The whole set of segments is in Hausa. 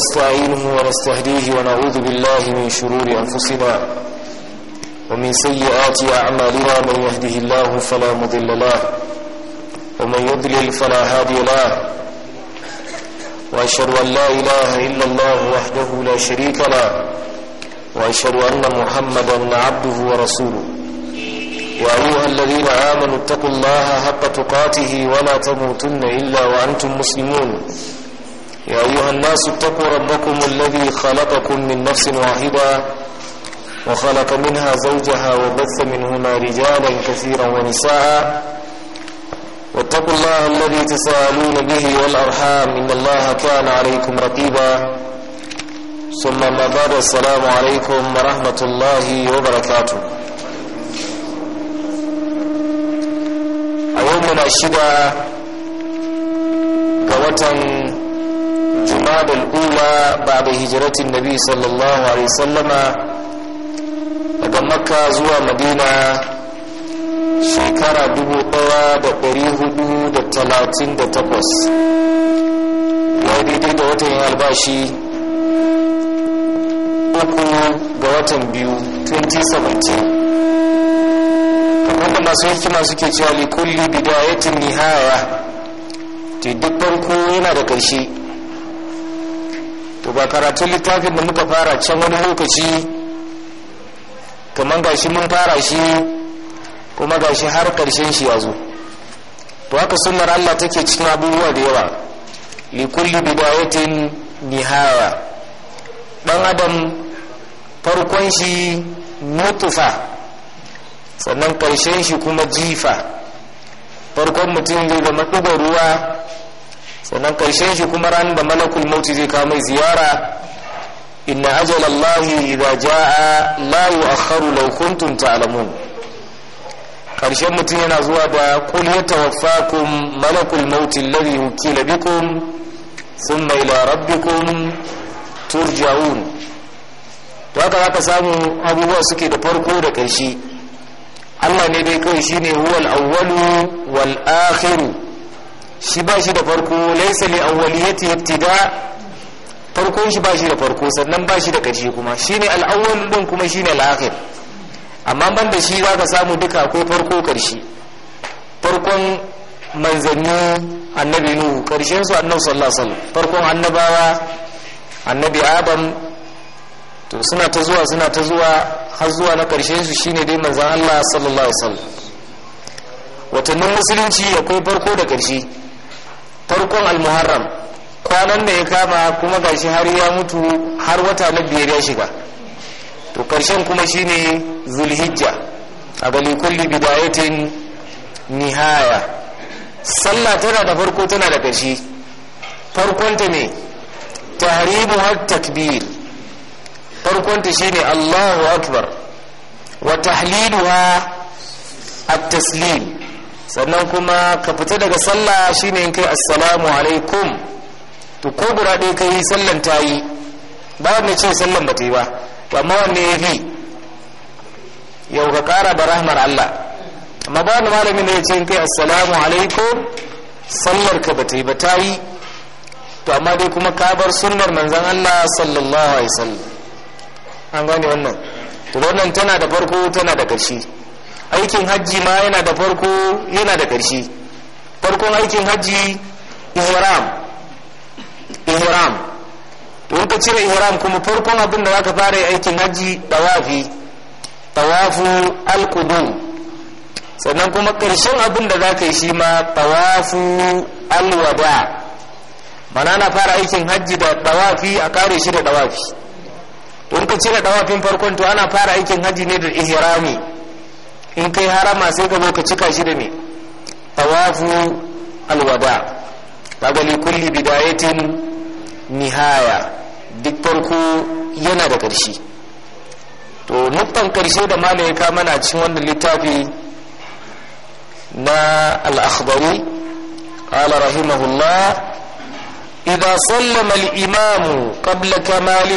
ونستعينه ونستهديه ونعوذ بالله من شرور أنفسنا ومن سيئات أعمالنا من يهده الله فلا مضل له ومن يضلل فلا هادي له وأشهد أن لا إله إلا الله وحده لا شريك له وأشهد أن محمدا عبده ورسوله وأيها الذين آمنوا اتقوا الله حق تقاته ولا تموتن إلا وأنتم مسلمون يا أيها الناس اتقوا ربكم الذي خلقكم من نفس واحدة وخلق منها زوجها وبث منهما رجالا كثيرا ونساء واتقوا الله الذي تساءلون به والأرحام إن الله كان عليكم رقيبا ثم ما بعد السلام عليكم ورحمة الله وبركاته يومنا الشدة كوتن جمال الأولى بعد هجرة النبي صلى الله عليه وسلم daga makka zuwa madina shekara 1438 ya daidai da watan yin albashi uku ga watan biyu 2017 kamar da masu hikima suke cewa likulli bidayatin nihaya ta duk farko yana da ƙarshe to ba karatun littafin da muka fara can wani lokaci kamar gashi mun fara shi kuma gashi har karshen shi ya zo to haka sunnar Allah take cikin abubuwa da yawa li kulli bidayatin nihaya dan adam farkon shi mutufa sannan karshen shi kuma jifa farkon mutum zai zama ɗuga ruwa sannan karshen shi kuma ran da malakul mauti zai kawo mai ziyara inna ajalallahi allahi idza jaa la yu'akhkharu law kuntum ta'lamun karshen mutum yana zuwa da qul yatawaffakum malakul mauti alladhi wukila bikum thumma ila rabbikum turja'un to haka zaka samu abubuwa suke da farko da karshe Allah ne dai kawai shine huwal awwalu wal akhiru shi ba shi da farko laisa li awwaliyati ibtida farkon shi ba shi da farko sannan ba shi da karshe kuma shine al-awwal din kuma shine al-akhir amma ban da shi ka samu duka ko farko karshe farkon manzanni annabi nuhu karshen su annabi sallallahu alaihi wasallam farkon annabawa annabi adam to suna ta zuwa suna ta zuwa har zuwa na karshen su shine dai manzon Allah sallallahu alaihi wasallam watannin musulunci akwai farko da karshe farkon almuharram kwanan da ya kama kuma gashi har ya mutu har wata na biyar ya shiga to karshen kuma shine zulhijja a gani kulli bidayatin nihaya sallah tana da farko tana da ƙarshe farkonta ne tahrimu har takbir farkonta shine allahu akbar wa tahliluha at-taslim sannan kuma ka fita daga sallah shine in kai assalamu alaikum to ko guda ɗaya yi sallan ta yi ba wanda ce sallan ba ta yi ba to amma wanne ya fi yau ka ƙara ba rahmar Allah amma ba wani malamin da ya ce in kai assalamu alaikum sallar ka ba ta yi ba ta yi to amma dai kuma ka bar sunnar manzon Allah sallallahu alaihi wasallam an gane wannan to wannan tana da farko tana da ƙarshe aikin hajji ma yana da farko yana da ƙarshe farkon aikin hajji ihram ihram to ka cire ihram kuma farkon abin da zaka fara aikin hajji tawafi tawafu alqudum sannan kuma ƙarshen abin da zaka yi shi ma tawafu alwada mana na fara aikin hajji da tawafi a kare shi da tawafi to ka cire tawafin farkon to ana fara aikin hajji ne da ihrami in kai harama sai ka zo ka cika shi da me tawafu alwada kaga kulli bidayatin nihaya duk farko yana da ƙarshe to nuktan ƙarshe da ya kama na cikin wannan littafi na al'akhbari قال رحمه الله إذا سلم الإمام قبل كمال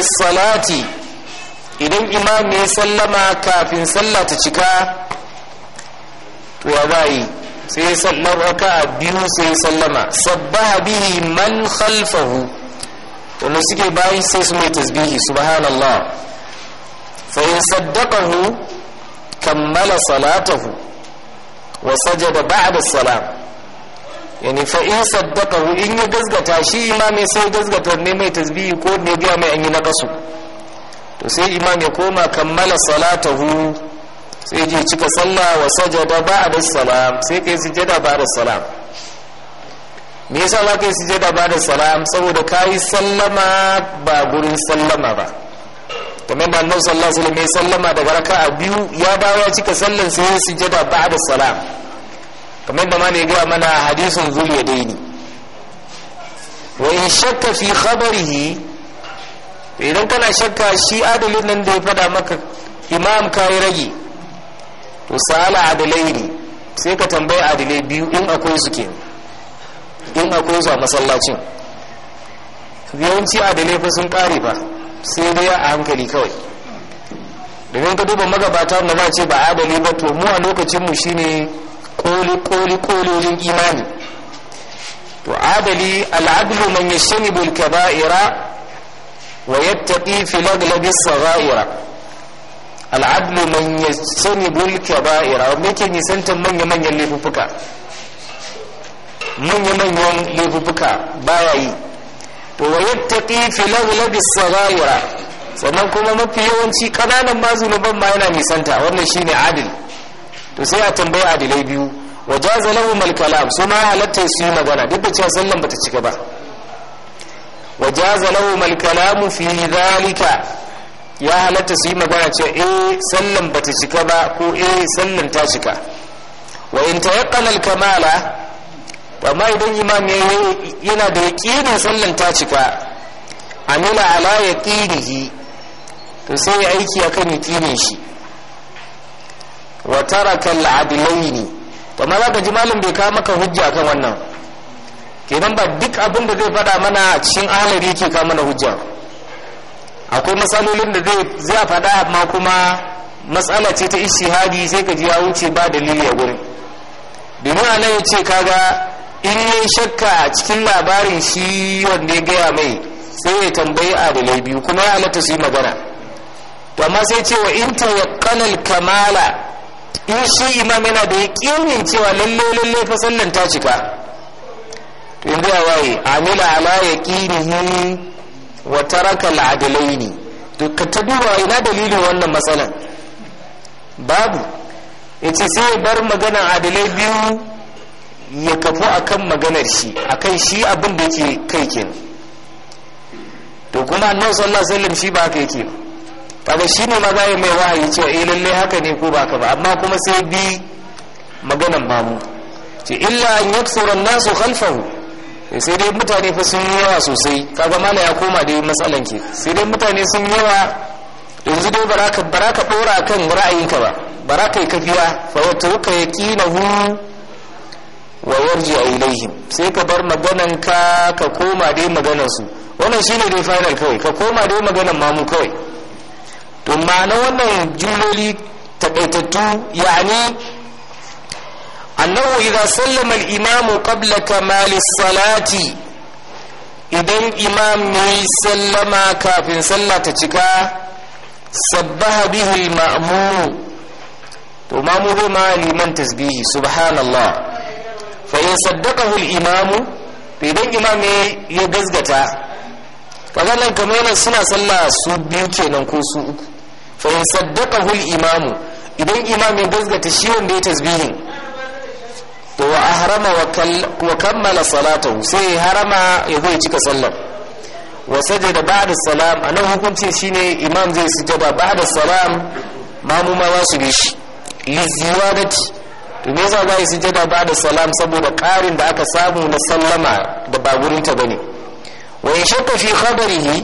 idan imam ya sallama kafin sallah ta cika wa bayi sai sallar raka biyu sai sallama sabbaha bihi man khalfahu wanda suke bayi sai su mai tasbihi subhanallah fa in saddaqahu kammala salatahu wa sajada ba'da salam yani fa in saddaqahu in ya gazgata shi imami sai gazgata ne mai tasbihi ko ne ga mai an yi na kasu to sai imam ya koma kammala salatahu sai je cika sallah wa sajada ba'da salam sai kai sujada ba'da salam me yasa za ka yi sujada ba'da salam saboda yi sallama ba gurin sallama ba kamar da annabi sallallahu alaihi wasallam ya sallama daga raka'a biyu ya dawo ya cika sallan sai ya sujada ba'da salam kamar da mana ya ga mana hadisin zuliya daini wa in shakka fi khabarihi idan kana shakka shi adalin nan da ya fada maka imam kai rage to adalai ne sai ka tambayi adalai biyu in akwai su ke in akwai su a masallacin yawanci adalai fa sun kare ba sai dai a hankali kawai domin ka duba magabata na za ce ba adalai ba to mu a lokacinmu shine koli koli kololin imani to adali al'adlu man shani al-kaba'ira wa yattaqi fi maglabi as-sagha'ira al'adlu man yastanibul kaba'ir wanda yake nisantar manya-manyan laifuffuka manya-manyan laifuffuka baya yi to wa yattaqi fi laghlabi sagaira sannan kuma mafi yawanci kananan na ban ma yana nisanta wannan shine adil to sai a tambayi adilai biyu wa jaza lahum al kalam su ma halatta su yi magana duk da cewa sallan bata cika ba wa jaza lahum al kalam fi zalika ya halatta su yi magana ce eh sallan bata cika ba ko eh sallan ta cika wa in tayaqqana al-kamala ma idan imam yana da yaqinin sallan ta cika amila ala yaqinihi to sai ya aiki akan yaqinin shi wa taraka al-adlaini to ma zaka ji malam bai kawo maka hujja kan wannan kenan ba duk abin da zai faɗa mana cikin ahlari ke kawo mana hujja akwai matsalolin da zai faɗa amma kuma matsala ce ta ishi hadi sai ka ji ya wuce ba dalili a gurin domin ana ya ce kaga in yi shakka a cikin labarin shi wanda ya gaya mai sai ya tambayi adalai biyu kuma ya halatta su yi magana to amma sai ce wa in tawakkalal kamala in shi imam yana da yaƙinin cewa lalle lalle fa ta cika to in ya waye amila ala yaqinihi wa taraka al'adalaini to ka ta duba ina dalilin wannan matsalan babu yace sai bar magana adalai biyu ya kafu akan maganar shi akan shi abin da yake kai kenan to kuma annabi sallallahu alaihi wasallam shi ba haka yake ba kaga shi ne maza ya mai wahayi cewa eh lalle haka ne ko baka ba amma kuma sai bi maganan babu ce illa an yaksura nasu khalfahu Eh, sai dai mutane fa sun yawa sosai kaga mala ya koma da matsalan ke sai dai mutane sun yi yawa yanzu dai baraka baraka dora kan ra'ayinka ba baraka yi kafiya fa watruka yaqinahu wa yarji ilaihim sai ka bar maganan ka ka koma dai maganan su wannan shine dai final kawai ka koma dai maganan mamu kawai to ma'ana wannan jumloli takaitattu yani annahu idza sallama al-imamu qabla kamali salati idan imam ne sallama kafin sallah ta cika sabbaha bihi al-ma'mum to mamu zai ma liman tasbihi subhanallah fa in saddaqahu al-imam to idan imam ne ya gazgata kaga nan kamar yana suna sallah su biyu kenan ko su uku fa in saddaqahu al-imam idan imam ya gazgata shi wanda ya tasbihin to wa ahrama wa kammala salatahu sai harama ya zai cika sallar wa sajada ba'da salam anan hukunci shine imam zai sujada ba'da salam mamuma ba su bi shi ziyadati to me yasa za yi sujada ba'da salam saboda karin da aka samu na sallama da ba gurin ta bane wa yashakka fi khabarihi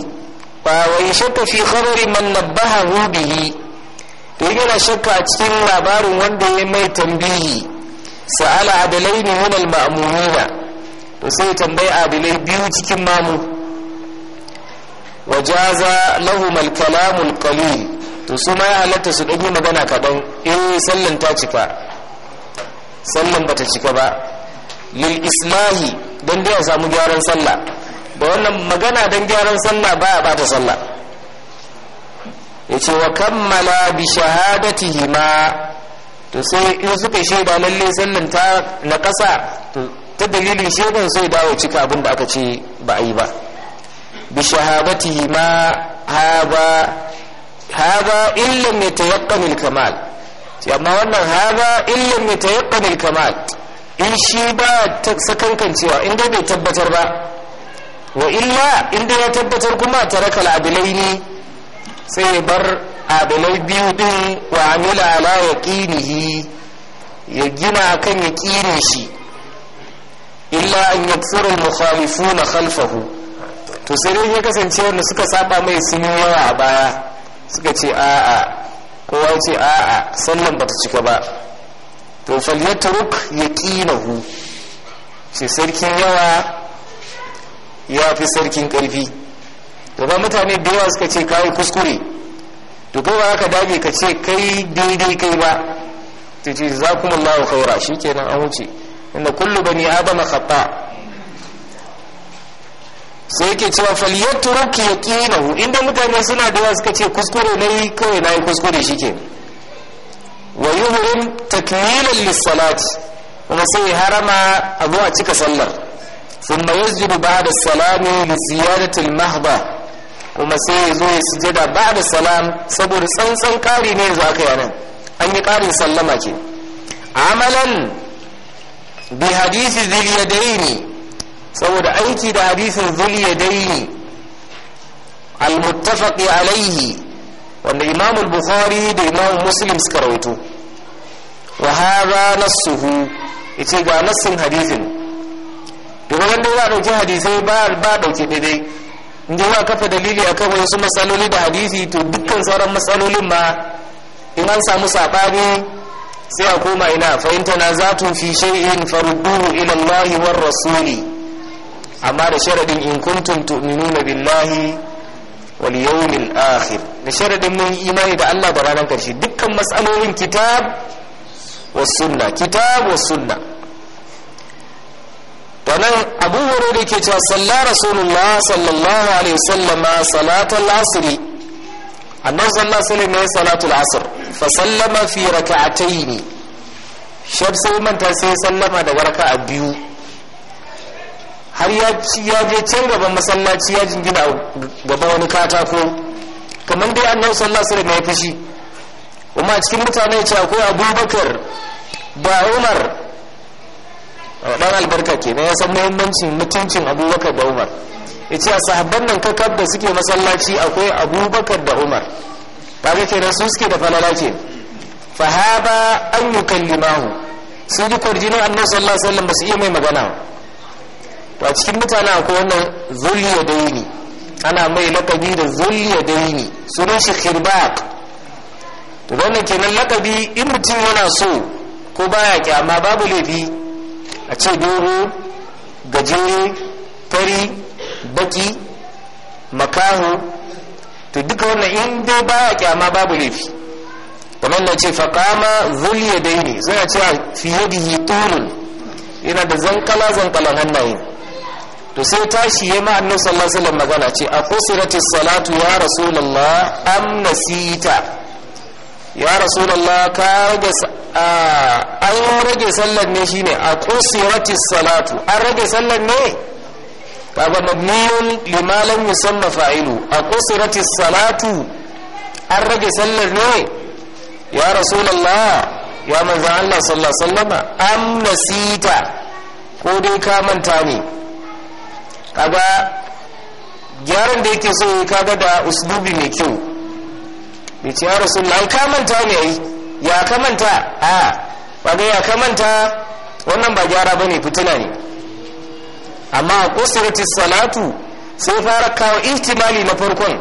wa yashakka fi khabari man nabbahahu bihi to yana shakka a cikin labarin wanda ya mai tambihi sa'ala adalai ne minal ma'amumina to sai tambayi adalai biyu cikin mamu wajaza lahum al-kalamul qalil to su ma ya magana kadan eh sallan ta cika sallan bata cika ba lil islahi dan da samu gyaran sallah da wannan magana dan gyaran sallah baya bata sallah yace wa kammala bi shahadatihi ma to sai in suka shaida lalle sallan ta na ƙasa ta dalilin shaidan sai dawo cika abin da aka ce ba a yi ba bi shahabati ma haba haba illa mai al-kamal sai amma wannan haba illa mai al-kamal in shi ba ta sakankancewa in dai bai tabbatar ba wa illa in dai ya tabbatar kuma taraka al ne sai ya bar abu na biyu din wa amila ala yaqinihi ya gina kan yaqinin shi illa an tsirin al na khalfahu to sai dai ya kasance wanda suka saba mai sun yawa a baya suka ce a'a kowa ce a'a sallan ba ta cika ba to ya yaqinahu shi sarkin yawa ya fi sarkin karfi to ba mutane da yawa suka ce kawai kuskure to ba aka ka dage ka ce kai daidai kai ba ta ce za kuma Allah khaira shi kenan an wuce inda kullu bani adama khata sai yake cewa falyatruk yaqinahu inda mutane suna da yawa suka ce kuskure nayi kawai yi kuskure shike wa yuhrim takmilan lis-salati kuma sai harama abu a cika sallar thumma ba da salami da ziyadati al kuma sai ya zo ya sujada ba da salam saboda tsantsan kari ne yanzu aka nan an yi karin sallama ke amalan bi hadisi daini saboda aiki da hadisin al almuttafaqi alaihi wanda imam bukhari da imam muslim suka rawaito wa hadha nassuhu yace ga nassin hadisin duk wanda ya dauki hadisai ba ba dauke daidai inda za kafa dalili akan wasu matsaloli da hadisi to dukkan sauran matsalolin ma in an samu saɓani sai a koma ina fahimta na za tun fi shay'in farudduhu ilallahi Allah rasuli amma da sharadin in kuntum tu'minuna billahi wal yawmil akhir da sharadin mun imani da Allah da ranar karshe dukkan matsalolin kitab wa sunna kitab wa sunna wannan abu hurairah ke cewa salla rasulullah sallallahu alaihi wasallam salatul asr annabi sallallahu alaihi wasallam salatul asr fa sallama fi rak'atayn shab sai manta sai sallama da a biyu har ya ya je can gaban masallaci ya jingina gaba wani katako kamar dai annabi sallallahu alaihi wasallam ya fushi kuma cikin mutane ya ce akwai abubakar da umar dan albarka kenan ya san muhimmancin mutuncin abubakar da umar ya ce a sahabban nan kakar da suke masallaci akwai abubakar da umar ga kenan su suke da falalaki fa fahaba an yi kallimahu sun ji kwarjinin annabi sallallahu alaihi ba su iya mai magana to a cikin mutane akwai wannan zulliya daini ana mai lakabi da zulliya daini sunan shi khirbaq to wannan kenan lakabi in mutum yana so ko baya kyama babu laifi a ce dogo gajere fari baki makaho to duka wannan in dai baya kyama babu laifi kamar na ce faƙama zuliya dai ne suna cewa fiye da hitulun yana da zankala zankalan hannaye to sai tashi ya ma annabi sallallahu magana ce a kusurati salatu ya rasulullah am nasita ya rasulallah ka rage an rage sallar ne shine a kusirati salatu an rage sallar ne kaga mabniyun lima lam musamman fa'ilu a kusirati salatu an rage sallar ne ya rasulallah ya manzo Allah sallallahu alaihi wasallama am nasita ko dai ka manta ne kaga gyaran da yake so kaga da uslubi mai kyau bai ce ya rasu an ka manta ne yi ya ka manta a ba ya ka manta wannan ba gyara ba ne fitina ne amma a kusurti salatu sai fara kawo ihtimali na farkon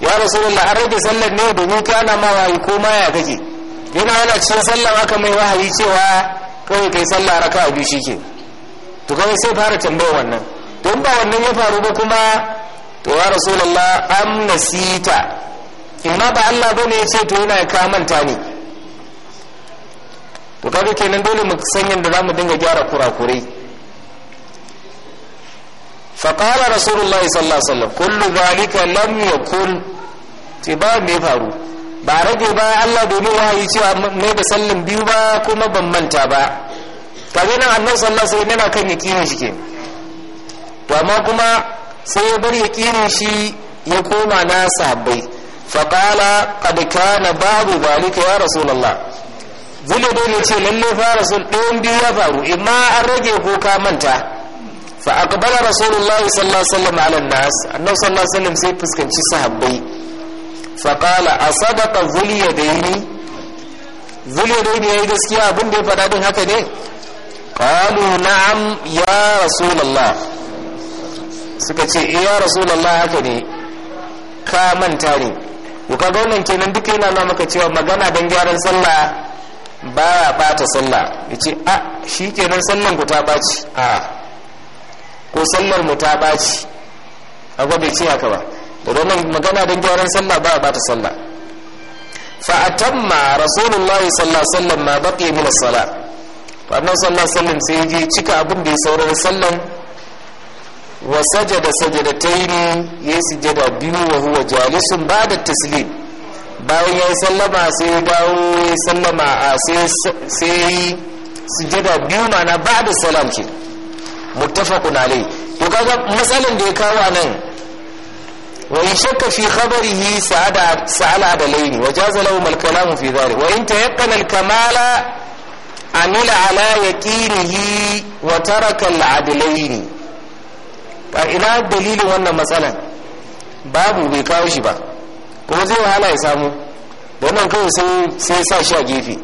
ya rasulullah an rage sallar ne domin ana ma yi ko ma ya kake yana yana cikin sallar aka mai wahayi cewa kawai kai sallah raka biyu ke. to kawai sai fara tambaya wannan don ba wannan ya faru ba kuma to ya rasulullah am nasita in ba Allah bane ya ce to yana ka manta ne to kaga kenan dole mu san yadda zamu dinga gyara kurakurai fa qala rasulullahi sallallahu alaihi wasallam kullu zalika lam yakun ti ba me faru ba rage ba Allah domin wahayi cewa me da sallin biyu ba kuma ban manta ba kaga nan annabi sallallahu alaihi wasallam yana kan yakinin shi ke to amma kuma sai ya bar yakinin shi ya koma na sahabbai faƙala ƙadika na babu balika ya rasulallah zule dole ce lalle fara sun ɗayan biyu ya faru imma an rage ko ka manta fa aqbala rasulullahi sallallahu alaihi wasallam ala nas annabi sallallahu alaihi wasallam sai fuskanci sahabbai fa qala asadaka zuli yadaini zuli yadaini yayi gaskiya abin da ya faɗa din haka ne qalu na'am ya rasulullah suka ce ya rasulullah haka ne ka manta ne ka kaga wannan kenan duka yana nuna maka cewa magana don gyaran sallah ba ya bata sallah yace a shi kenan sallan ku ta baci a ko sallar mu ta baci kaga bai ce haka ba wannan magana don gyaran sallah ba ya bata sallah fa atamma rasulullahi sallallahu alaihi wasallam ma baqi min as-salah sallah sallallahu sai ya cika abin da ya sauran sallan wa sajada sajadataini yayi sujada biyu wa huwa jalisun ba'da taslim bayan yi sallama sai dawo yi sallama a sai sai sujada biyu mana ba'da salam ce muttafaqun alai to kaga matsalan da ya kawo anan wa in shakka fi khabarihi sa'ada sa'ala adalaini wa jaza lahu al kalamu fi dhalik wa in tayaqqana al kamala amila ala yaqinihi wa taraka al adalaini a ina dalilin wannan matsalan babu bai kawo shi ba kuma zai wahala ya samu wannan kawai sai sa shi a gefe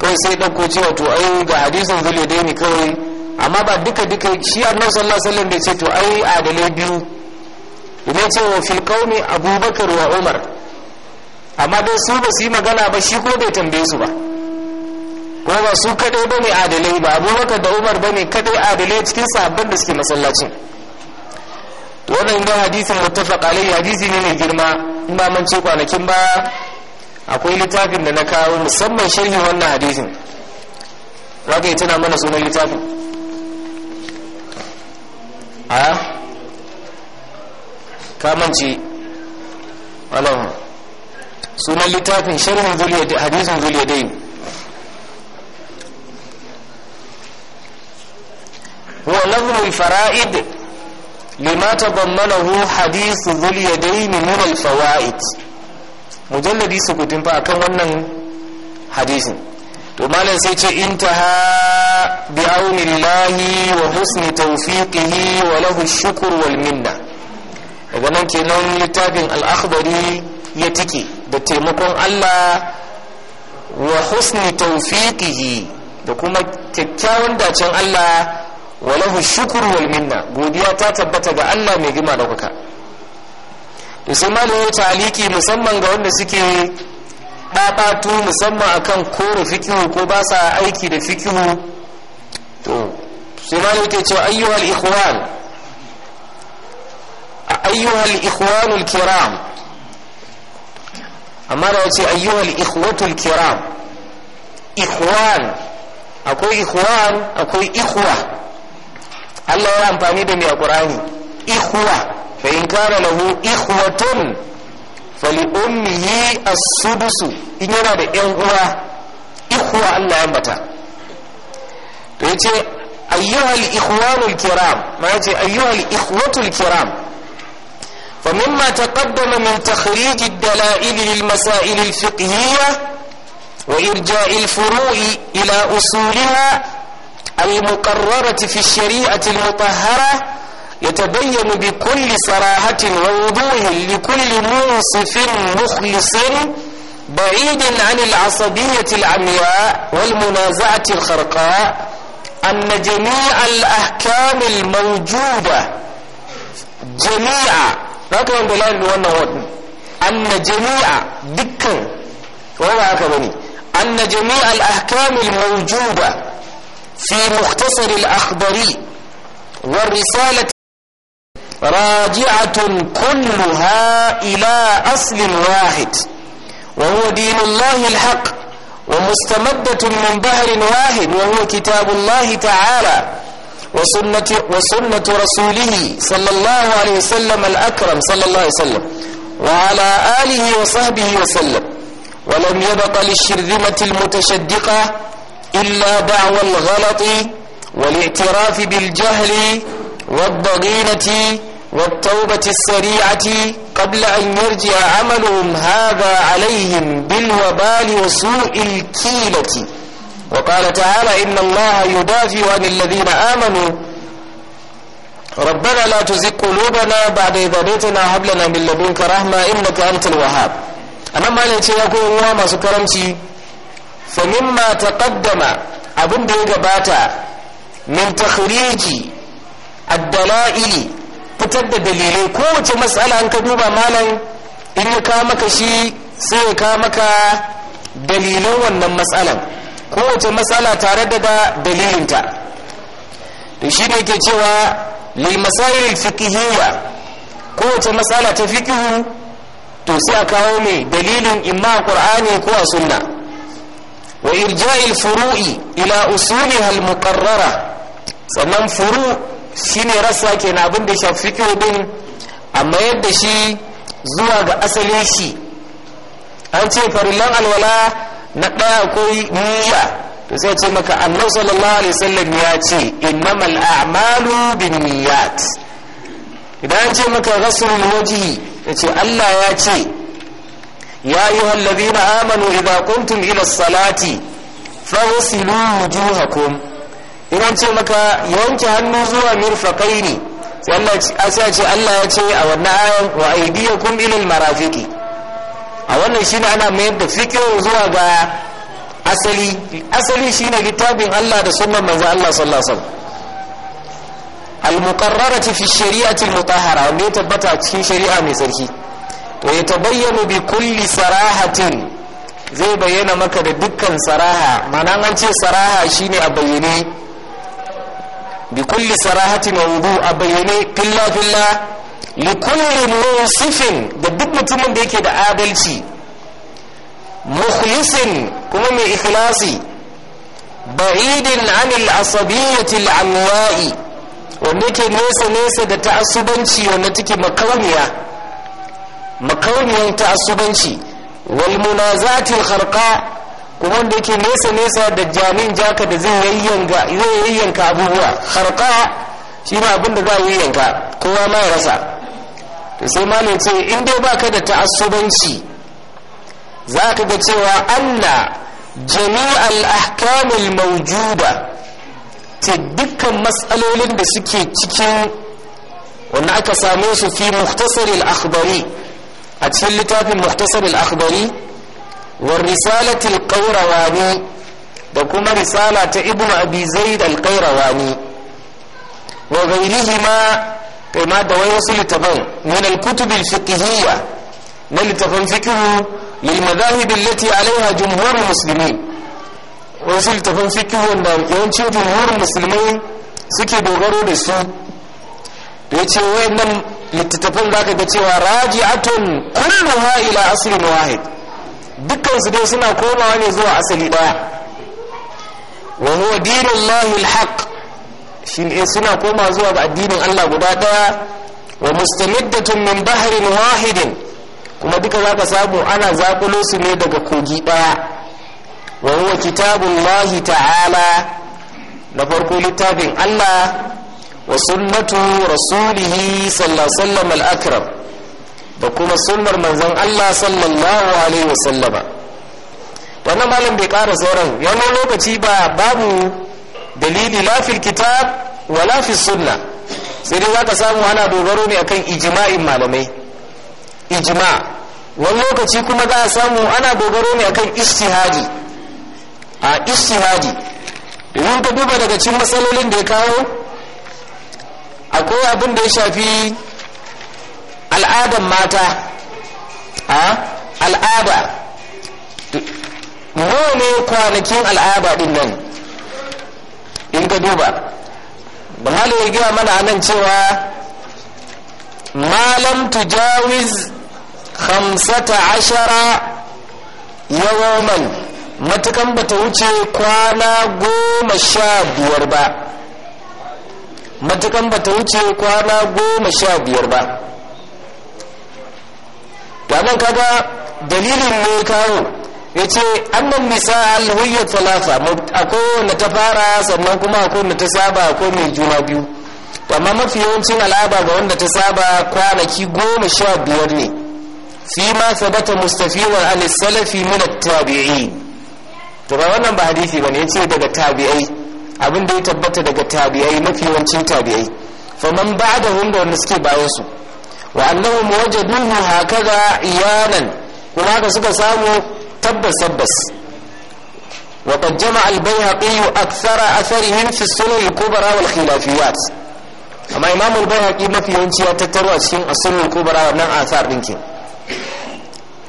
kawai sai ɗauko cewa to ai ga hadisin zule dai ne kawai amma ba duka duka shi a nan alaihi wasallam bai ce to ai adalai biyu ina ce wa fil qaumi abubakar wa umar amma dai su ba su yi magana ba shi ko bai tambaye su ba kuma ba su kadai ne adalai ba abubakar da umar ba ne kadai adalai cikin sabbin da suke masallacin wannan ba hadisin muttafaq alai hadisi ne mai girma in ba man ce kwanakin ba akwai littafin da na kawo musamman sharhin wannan hadisin zaka tana mana sunan littafin a kamance alam sunan littafin sharhin zuliyadai hadisin zuliyadai هو لفظ الفرائد lima tadammanahu hadithu dhul yadayn min al fawaid mujalladi sukutin fa akan wannan hadisin to malam sai ce intaha bi aunillahi wa husni tawfiqihi wa lahu shukr wal minna daga nan kenan littafin al-akhbari ya tike da taimakon Allah wa husni tawfiqihi da kuma kyakkyawan dacen Allah walahu shukuru wal minna godiya ta tabbata ga Allah mai gima daukaka to sai malamin taliki musamman ga wanda suke babatu musamman akan kore fikihu ko ba sa aiki da fikihu to sai malamin ke cewa ayyuhal ikhwan ayyuhal ikhwanul kiram amma da wace ayyuhal ikhwatul kiram ikhwan akwai ikhwan akwai ikhwa Allah ya amfani da mai Qur'ani ikhwa fa in kana lahu ikhwatun fali ummihi as-sudus in yana da yan uwa ikhwa Allah ya ambata to yace ayyuhal ikhwanul kiram ma yace ayyuhal ikhwatul kiram fa mimma taqaddama min فمما تقدم من تخريج الدلائل للمسائل الفقهية وإرجاء الفروع إلى أصولها المقررة في الشريعة المطهرة يتبين بكل صراحة ووضوح لكل منصف مخلص بعيد عن العصبية العمياء والمنازعة الخرقاء أن جميع الأحكام الموجودة جميع أن جميع دكا أن جميع الأحكام الموجودة في مختصر الأخبري والرسالة راجعة كلها إلى أصل واحد وهو دين الله الحق ومستمدة من بحر واحد وهو كتاب الله تعالى وسنة, وسنة رسوله صلى الله عليه وسلم الأكرم صلى الله عليه وسلم وعلى آله وصحبه وسلم ولم يبق للشرذمة المتشدقة إلا دعوى الغلط والاعتراف بالجهل والضغينة والتوبة السريعة قبل أن يرجع عملهم هذا عليهم بالوبال وسوء الكيلة وقال تعالى إن الله يدافع عن الذين آمنوا ربنا لا تزغ قلوبنا بعد إذ هديتنا هب لنا من لدنك رحمة إنك أنت الوهاب أنا ما لنتي يا كو masu karamci famimma taqaddama abin da ya gabata min takhriji a dalaili fitar da dalilai kowace matsala an ka duba malam in ya kawo shi sai ya kawo maka dalilan wannan matsalan kowace matsala tare da dalilinta to shi ne ke cewa lil masail fiqhiyya kowace matsala ta fiqhu to sai a kawo mai dalilin imma qur'ani ko a sunna wa irja'il furu'i ila usuliha al-muqarrara sannan furu shine rasa kenan abin da shafi fiqh din amma yadda shi zuwa ga asalin shi an ce farillan alwala na ɗaya akwai niyya to sai ce maka annabi sallallahu alaihi wasallam ya ce innamal a'malu binniyat idan an ce maka ghasl wajhi ya ce Allah ya ce يا أيها الذين آمنوا إذا قمتم إلى الصلاة فاغسلوا وجوهكم إذا ce maka yawanci hannu zuwa mirfaqaini sai ce Allah ya ce a wannan ayan wa aydiyakum ila a wannan shine ana mayar da fikihu zuwa ga asali shine littafin Allah da sunnar manzo Allah sallallahu alaihi wasallam al fi wanda ya tabbata cikin shari'a mai tsarki wai ya tabayyanu bi kulli sarahatin zai bayyana maka da dukkan saraha mana an ce saraha shine a bayyane bi kulli sarahatin wudu a bayyane filla filla li kulli musifin da duk mutumin da yake da adalci mukhlisin kuma mai ikhlasi ba'idin anil asabiyyati al-anwa'i wanda ke nesa nesa da ta'assubanci wanda take makauniya makauniyar ta'assubanci wal munazatil harka kuma wanda yake nesa nesa da jamin jaka da zai yayyanka abubuwa harka shi ma abin da za a yayyanka kowa ma ya rasa to sai ma ce in dai baka da ta'asubanci za ka ga cewa anna jami'al ahkamul mawjuda ta dukkan matsalolin da suke cikin wanda aka same su fi muhtasaril akhbari a cikin littafin muhtasar al-akhbari wa risalatil al da kuma risala ta ibnu abi zaid al-qayrawani wa ghayrihima ma da wai wasu littafan min al-kutub al-fiqhiyya na littafan fiqhu lil madahib allati alaiha jumhur muslimin wasu littafan fiqhu wanda jumhur suke dogaro da su da yace wayannan littattafan zaka ga cewa raji'atun kulluha ila aslin wahid dukkan su dai suna komawa ne zuwa asali daya wa huwa lahi alhaq shine suna koma zuwa ga addinin Allah guda daya wa mustamiddatun min bahrin wahidin kuma duka zaka samu ana zakulo su ne daga kogi daya wa huwa kitabullahi ta'ala na farko littafin Allah wa sunnatu rasulihi sallallahu al-akram da kuma sunnar manzon Allah sallallahu alaihi wasallama wannan malam bai ƙara sauran wani lokaci ba babu dalili la fil kitab wala fi sunna sai dai zaka samu ana dogaro ne akan ijma'in malamai ijma wani lokaci kuma za a samu ana dogaro ne akan ijtihadi a ijtihadi domin ka duba daga cikin matsalolin da ya kawo akwai abin da ya shafi al'adan mata a al'ada ne kwanakin al'ada din nan in ka duba ba ya gina mana nan cewa malam tujawiz hamsata ashara yawaman matukan bata wuce kwana goma sha biyar ba matukan bata wuce kwana goma sha biyar ba ka kaga dalilin ne kawo ya ce annan misal huyar talafa akwai wanda ta fara sannan kuma akwai wanda ta saba akwai mai juna biyu amma mafi yawancin al'aba ga wanda ta saba kwanaki goma sha biyar ne fi ma sabata mustafiwar alisalafi min tabi'i to ba wannan ba hadisi ya ce daga tabi'ai abin da ya tabbata daga tabi'ai mafi yawancin tabi'ai faman ba da hunda wanda suke bayan su wa annahum wajadu hakaza iyanan kuma haka suka samu tabbas tabbas wa qad jama'a al-bayhaqi akthara atharihim fi sunan al-kubra wal khilafiyat amma imam al-bayhaqi mafi yawanci ya tattaro a cikin as-sunan al-kubra wannan athar din ke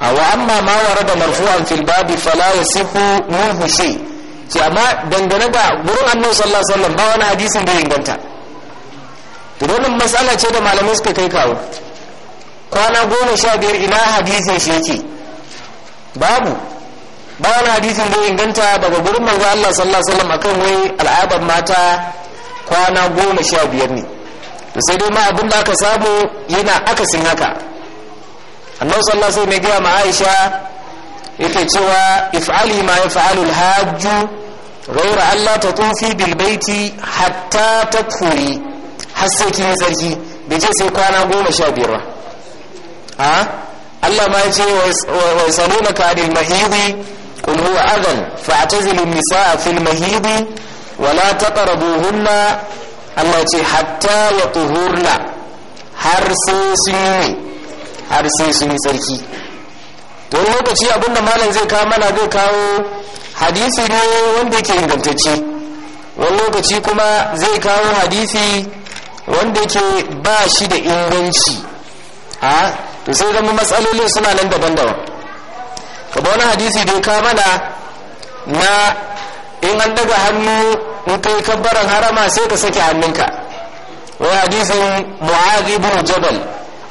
wa amma ma warada marfu'an fil babi fala yasihu minhu shay' ce amma dangane ba wurin annabi sallallahu alaihi wasallam ba wani hadisin da inganta to wannan matsala ce da malamai suka kai kawo kwana goma sha biyar ina hadisin shi yake babu ba wani hadisin da inganta daga gurin manzo Allah sallallahu alaihi wasallam akan wai al'abar mata kwana goma sha biyar ne to sai dai ma abin da aka samu yana akasin haka annabi sallallahu alaihi wasallam ya ga ma Aisha yake cewa if'ali ma yaf'alu al-hajju ghayra alla tatufi bil baiti hatta takhuri har sai kin sarki bai ce sai kwana goma sha biyar ba a Allah ma ya ce wa yasalunaka anil mahidi qul huwa adhan fa'tazilu an-nisaa fil mahidi wa la taqrabuhunna Allah ce hatta yatuhurna har sai sun yi har sai sun yi sarki to wani lokaci abinda malam zai kawo mana zai kawo hadisi ne wanda yake ingantacce wani lokaci kuma zai kawo hadisi wanda yake ba shi da inganci a to sai zama matsalolin suna nan daban-daban ba wani hadisi da ka mana na in an daga hannu in kai kabbaran harama sai ka sake hannunka wani hadisin mu'adh jabal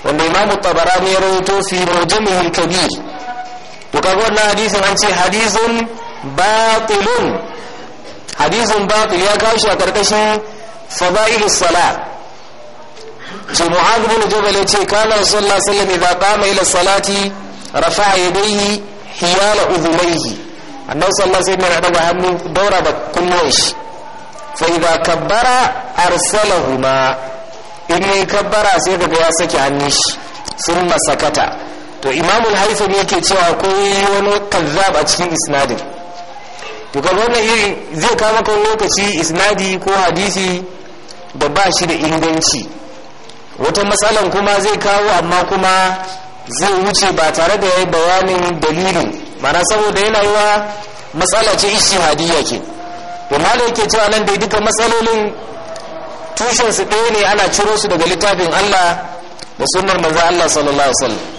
wanda imamu tabarani ya rawaito fi mujamihil kabir to kaga wannan hadisin an ce hadisun batilun hadisun batil ya kawo shi a karkashin fadailus sala ce mu'adh bin jabal yace kana sallallahu alaihi wasallam idza qama ila salati rafa'a yadayhi hiyala udhunayhi annabi sallallahu alaihi wasallam ya hannu daura da kunnuwan shi fa idza kabbara arsalahuma in ne kabbara sai daga ya saki hannun shi sun masakata to imamul haifar yake cewa ko yi wani kazzab a cikin isnadin to kan wannan irin zai kama kan lokaci isnadi ko hadisi da ba shi da inganci wata matsalan kuma zai kawo amma kuma zai wuce ba tare da ya yi bayanin dalilin mana saboda yana yi wa matsala ce hadiyya ke to mala yake cewa nan dai duka matsalolin tushensu ɗaya ne ana ciro su daga littafin Allah da sunnar manzo Allah sallallahu alaihi wasallam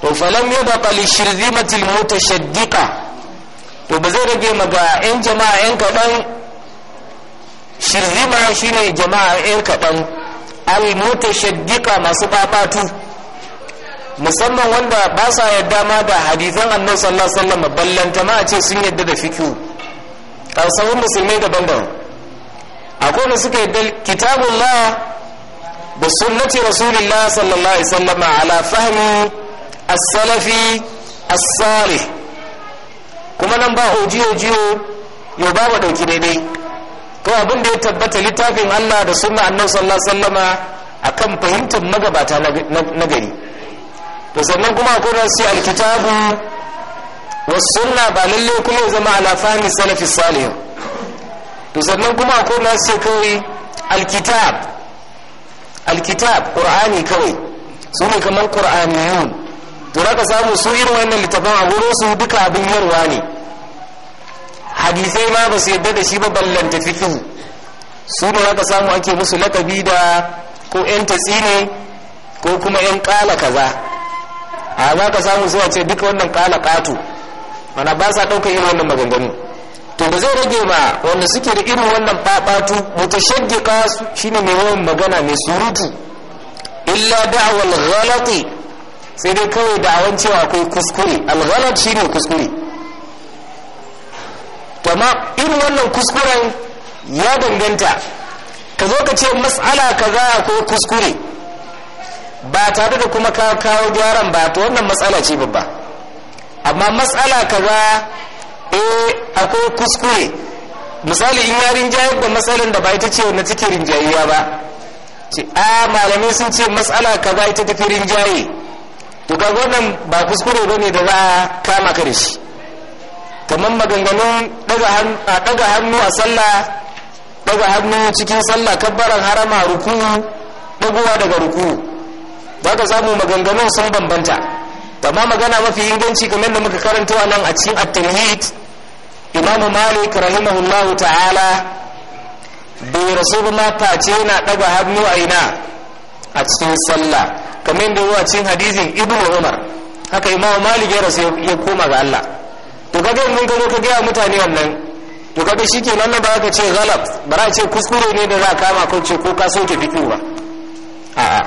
to falam ya baka li shirzimatil shaddika to ba zai rage maga yan jama'a yan kaɗan shirzima ne jama'a yan kaɗan al shaddika masu babatu musamman wanda ba sa yadda ma da hadithan annabi sallallahu alaihi wasallam ballanta ma a ce sun yadda da fikihu kasawun musulmai daban-daban akwai da suka yadda kitabullah da sunnati rasulillah sallallahu alaihi wasallam ala fahimi as-salafi as-salih kuma nan ba ojiyo jiyo yau ba wa dauki daidai to abin da ya tabbata littafin Allah da sunna annabi sallallahu alaihi wasallama akan fahimtar magabata na gari to sannan kuma akwai rasu alkitabu was sunna ba lalle kuma ya zama ala fahmi salafi salih to sannan kuma akwai rasu kawai alkitab alkitab qur'ani kawai su ne kamar qur'aniyun to za ka samu su irin wannan littafin a wurin su duka abin yarwa ne hadisai ma ba su yadda da shi ba ballanta fikin su ne za ka samu ake musu lakabi da ko yan ne ko kuma yan kala kaza a za ka samu su ce duka wannan kala kato mana ba sa ɗaukar irin wannan maganganu to ba zai rage ma wanda suke da irin wannan faɓatu mutashaddiqa shine mai yawan magana mai surutu illa da'awal ghalati sai dai kawai da'awan cewa akwai kuskure alghalat shine kuskure to amma irin wannan kuskuren ya danganta ka zo ka ce mas'ala kaza akwai kuskure ba tare da kuma kawo gyaran ba to wannan matsala ce babba amma matsala kaza eh akwai kuskure misali in ya rinjayar da matsalar da ba ita ce na cikin rinjayiya ba ce a ah, malamai sun ce matsala kaza ita tafi rinjaye to wannan ba kuskure ne da za a kama ka da shi kamar maganganun daga hannu a sallah daga hannu cikin sallah kabbaran harama ruku dagowa daga ruku'u za ka samu maganganun sun bambanta amma magana mafi inganci kamar da muka karanta a nan a cikin at-tamhid imam malik rahimahullahu ta'ala bai rasu ma face na daga hannu a ina a cikin sallah kamar yadda zuwa cikin hadisin ibnu umar haka imamu malik ya rasu ya koma ga allah to kaga in ka zo ka gaya mutane wannan to kaga ke nan ba ka ce galab ba za ce kuskure ne da za a kama ko ce ko ka soke fito ba a'a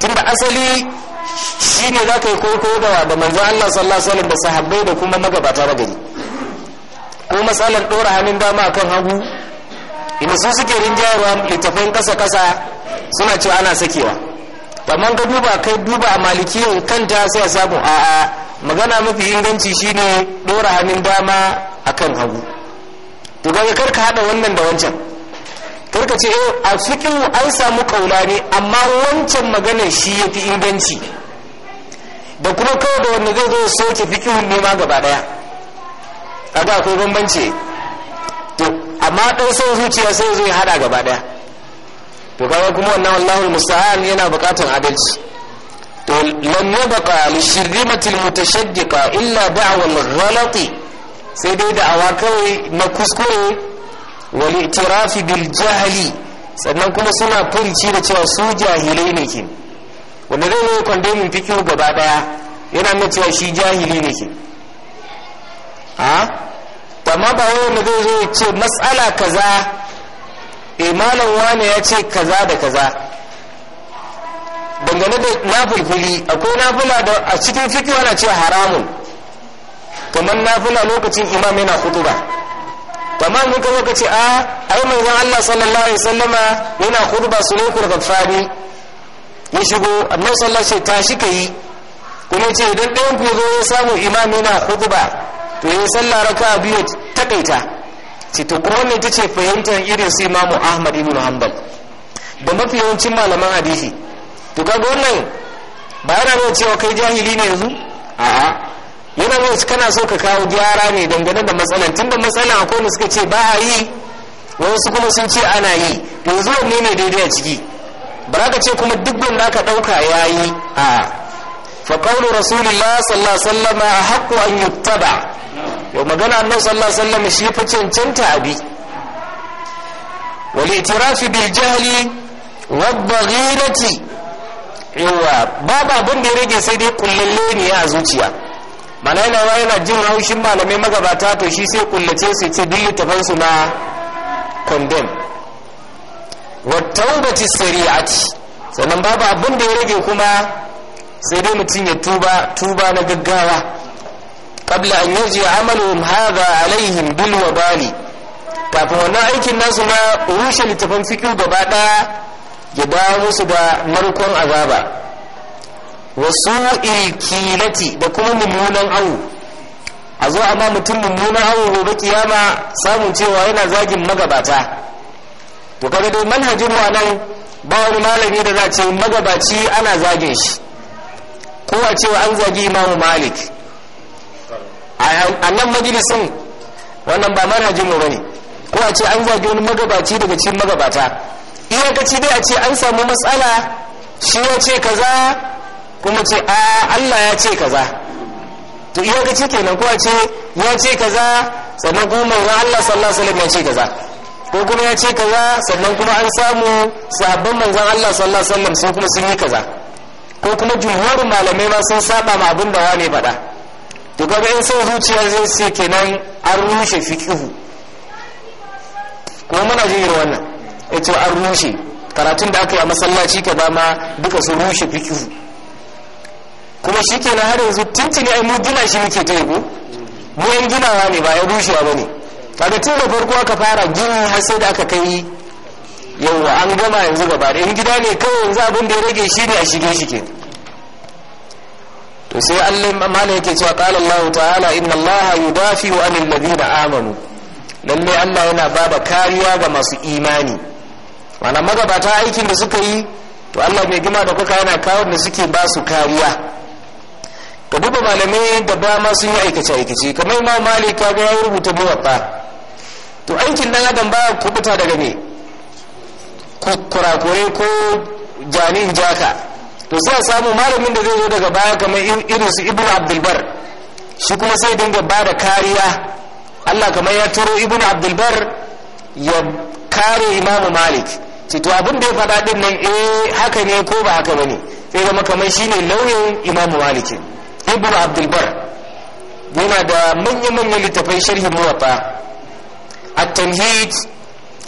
tunda asali shine za ka yi koko da da manzo allah sallallahu alaihi wasallam da sahabbai da kuma magabata na gari ko matsalar ɗaura hannun dama akan hagu inda su suke rinjayarwa littafin kasa kasa suna cewa ana sakewa amma ka duba kai duba a malikiyin kanta sai a samu a'a magana mafi inganci shine dora hannun dama akan hagu to ga kar ka hada wannan da wancan kar ka ce eh, a fikin an samu kaula ne amma wancan magana shi yafi inganci da kuma kawai da wanda zai zo soke fikihun ne ma gaba daya kaga akwai bambanci to amma dan son zuciya sai zai hada gaba daya to kaga kuma wannan Allahul musta'an yana buƙatar adalci to lam yabqa li shirrimatil mutashaddiqa illa al ghalati sai dai awa kawai na kuskure wal i'tiraf bil jahli sannan kuma suna furici da cewa su jahilai ne ke wanda zai yi kwandomin fikihu gaba daya yana nuna cewa shi jahili ne ke ha ah? amma ba wai wanda zai zo ce matsala kaza Eh, malam wane ya ce kaza da kaza dangane da nafulfuli akwai nafula da a cikin fiki wana ce haramun kamar nafula lokacin imam yana hutuba kamar mun ka ce a ah, ai zan Allah sallallahu alaihi wasallama yana hutuba su ne kurfafani ya shigo annabi sallallahu alaihi tashi kai kuma ce idan ɗayan ku zo ya samu imam yana hutuba to ya sallah raka biyu takaita ce ta kuma wannan ce fahimtar irin su imamu ahmad ibn hanbal da mafi yawancin malaman hadisi to kaga wannan ba yana nuna cewa kai jahili ne yanzu a'a yana nuna kana so ka kawo gyara ne dangane da matsalan tunda matsalan akwai da suka ce ba a yi wasu kuma sun ce ana yi to yanzu wanne ne daidai a ciki ba za ka ce kuma duk wanda aka ɗauka ya yi a'a fa qawlu rasulillah sallallahu alaihi wasallam ahqqu an yuttaba wa magana annabi sallallahu alaihi wasallam shi fa cancanta abi wal itirafi bil jahli wa daghirati yawa babu bin da ya rage sai dai kullalle ne a zuciya mana yana yana jin haushin malamai magabata to shi sai kullace su ce duk tafan su na condemn wa taubati sari'ati sannan babu abin da ya rage kuma sai dai mutum ya tuba tuba na gaggawa قبل أن يجي عملهم هذا عليهم بالوبال kafin wannan aikin nasu ma rushe littafan fikiyu gaba ɗaya ya dawo musu da markon azaba wasu ilkilati da kuma mummunan awu a zo amma mutum mummunan awu gobe kiyama samun cewa yana zagin magabata to kaga dai manhajin mu nan ba wani malami da za ce magabaci ana zagin shi ko a cewa an zagi imamu malik a nan majalisun wannan ba manhajin ba ne ko a ce an zage wani magabaci daga cikin magabata iyakaci dai a ce an samu matsala shi ya ce kaza kuma ce a Allah ya ce kaza to iyakaci kenan ko a ce ya ce kaza sannan kuma manzon Allah sallallahu alaihi wasallam ya ce kaza ko kuma ya ce kaza sannan kuma an samu sabon manzon Allah sallallahu alaihi wasallam sun kuma sun yi kaza ko kuma jumhurin malamai ma sun saba ma abin da wani faɗa to kaga in son zuciya zai sai kenan an rushe fikihu kuma muna jin wannan ya ce an rushe karatun da aka yi a masallaci ka dama duka sun rushe fikihu kuma shi kenan har yanzu tuntuni ai mu gina shi muke ta yabo mu yan ginawa ne ba ya rushewa bane kaga tun da farko aka fara gini har sai da aka kai yauwa an gama yanzu gaba da in gida ne kawai yanzu abin da ya rage shi ne a shige shi kenan to sai Allah mala yake cewa qala Allah ta'ala inna Allah yudafi wa anil ladina amanu lalle Allah yana bada kariya ga masu imani wannan magabata aikin da suka yi to Allah mai gima da kuka yana kawo da suke ba su kariya ka duba malamai da ba ma sun yi aikace aikace kamar ma malika ka ya rubuta muwatta to aikin dan adam ba kubuta daga ne kurakure ko janin jaka to sai a samu malamin da zai zo daga baya kamar irin su ibnu abdulbar shi kuma sai dinga ba da kariya allah kamar ya turo ibnu abdulbar ya kare imamu malik to abin da ya faɗa ɗin nan eh haka ne ko ba haka bane sai zama kamar shine lauyan imamu malik ibnu abdulbar yana da manya-manyan littafai sharhin muwatta at-tamhid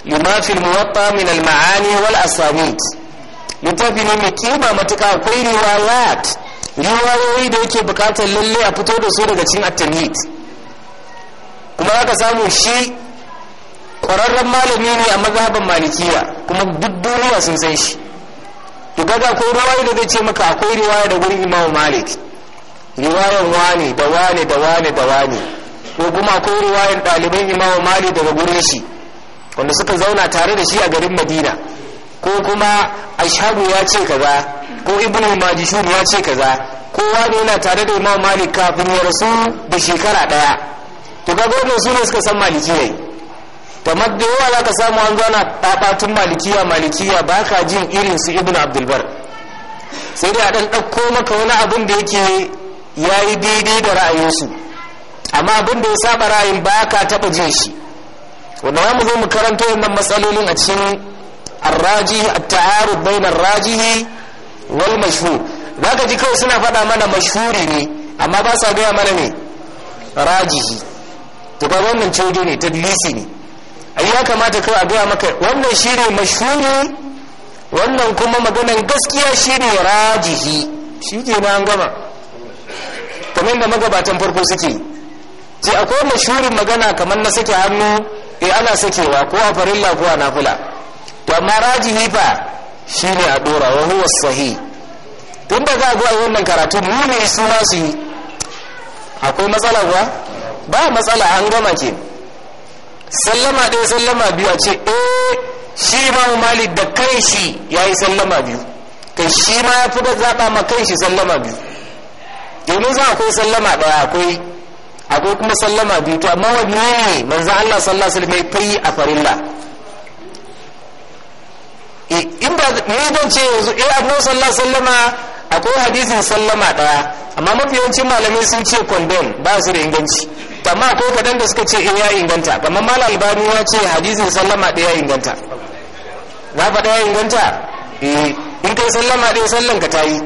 lima fil muwatta min al-ma'ani wal asamit littafi ne mai kima matuka akwai riwayat riwayoyi da yake bukatar lalle a fito da su daga cin at-tamhid kuma aka samu shi kwararren malami ne a mazhaban malikiya kuma duk duniya sun san shi to kaga akwai riwaya da zai ce maka akwai riwaya da gurin Imam Malik riwayan wani da wani da wani da wani ko kuma akwai riwayan ɗaliban Imam Malik daga gurin shi wanda suka zauna tare da shi a garin Madina ko kuma ashabu ya ce kaza ko ibnu majishun ya ce kaza kowa ne yana tare da imam malik kafin ya rasu da shekara daya to ga gobe su ne suka san malikiyai kamar madda yawa za ka samu an zana ɗaɓatun malikiya malikiya ba ka jin irin su Ibn abdulbar sai dai a ɗan ɗauko maka wani abin da yake ya yi daidai da ra'ayinsu amma abin da ya saba ra'ayin ba ka taɓa jin shi wanda mu zo mu karanta wannan matsalolin a cikin الراجح التعارض بين الراجح والمشهور zaka ji kawai suna faɗa mana mashhuri ne amma ba sa gaya mana ne rajihi to ba wannan caudu ne tadlisi ne ai ya kamata kawai a gaya maka wannan shine mashhuri wannan kuma maganan gaskiya shine rajihi shi ke na an gama kamar da magabatan farko suke ce akwai mashhurin magana kamar na sake hannu eh ana sakewa ko a farilla ko a nafila to amma rajihi fa shine a dora wa huwa sahi tun da za a wannan karatu mu ne su ma su yi akwai matsala kuwa ba matsala an gama ke sallama ɗaya sallama biyu a ce eh shi ma malik da kai shi ya yi sallama biyu kai shi ma ya fi da zaɓa ma kai shi sallama biyu domin za akwai sallama ɗaya akwai akwai kuma sallama biyu to amma wani ne manzo Allah sallallahu alaihi wasallam ya fayi a farilla mugun ce yanzu eh annabi sallallahu sallama akwai hadisin sallama daya amma mafi yawancin malamai sun ce condom ba su da inganci amma akwai kadan da suka ce eh ya inganta kamar mal albani ya ce hadisin sallama ya inganta na faɗa ya inganta eh in kai sallama ɗaya sallan ka tayi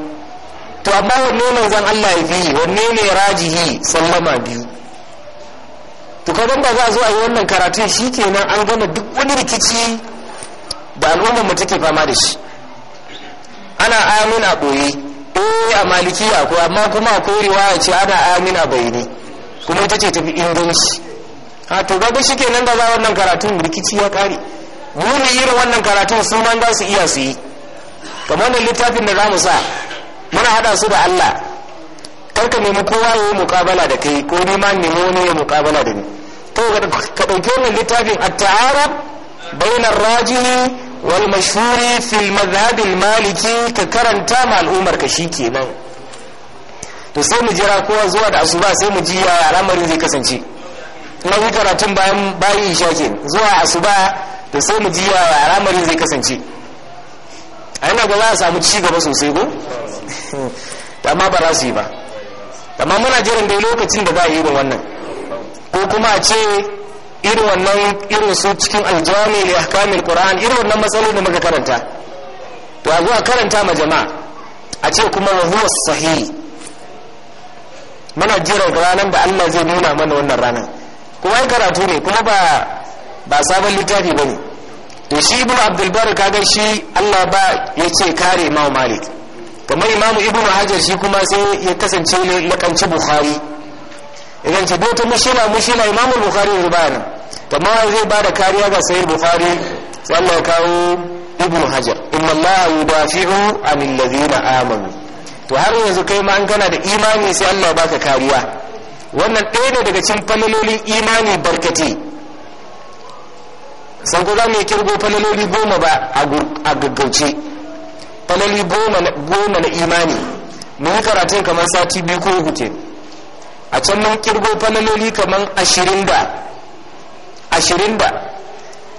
to amma wanne ne zan Allah ya fi wanne ne rajihi sallama biyu to kadan ba za a zo a yi wannan karatun shikenan an gama duk wani rikici da al'ummar mu take fama da shi ana amina a eh a ya ko amma kuma a riwaya ce ana amina a bayani kuma ita ce tafi inganci a to gaba shi nan da za wannan karatun rikici ya kare mu ne irin wannan karatun su man za su iya su yi kamar wannan littafin da za mu sa muna hada su da Allah ka nemi kowa ya yi mukabala da kai ko ni ma nemi wani ya mukabala da ni to ka ɗauki wannan littafin at ta'arab بين الراجح والمشهور في المذهب المالكي ككرنتا مع الأمر كشيكي نعم to sai mu jira kowa zuwa da asuba sai mu ji yaya al'amarin zai kasance na yi karatun bayan bayan isha ke zuwa asuba da sai mu ji yaya al'amarin zai kasance a yana ba za a samu ci gaba sosai ko da amma ba za su yi ba amma muna jiran dai lokacin da za a yi irin wannan ko kuma a ce irin wannan irin su cikin aljami ne ahkamil qur'an irin wannan matsaloli da muka karanta to a zuwa karanta ma jama'a a ce kuma wa huwa sahih muna jira ranar da Allah zai nuna mana wannan ranar kuma ai karatu ne kuma ba ba sabon littafi ba ne to shi ibn abdul bar kaga shi Allah ba ya ce kare imam malik kamar imam ibn hajar shi kuma sai ya kasance ne lakanci bukhari idan ce bauta mushila mushila imam bukhari ya nan. amma zai ba da kariya ga sahih bukhari wannan Allah ya kawo ibnu hajar inna allaha yudafi'u an ladina amanu to har yanzu kai ma an kana da imani sai Allah ya baka kariya wannan ɗaya ne daga cikin fanalolin imani barkati san ko za mu yi kirgo fanaloli goma ba a gaggauce falaloli goma na imani mun yi karatun kamar sati biyu ko uku a can mun kirgo fanaloli kamar ashirin da ashirin ba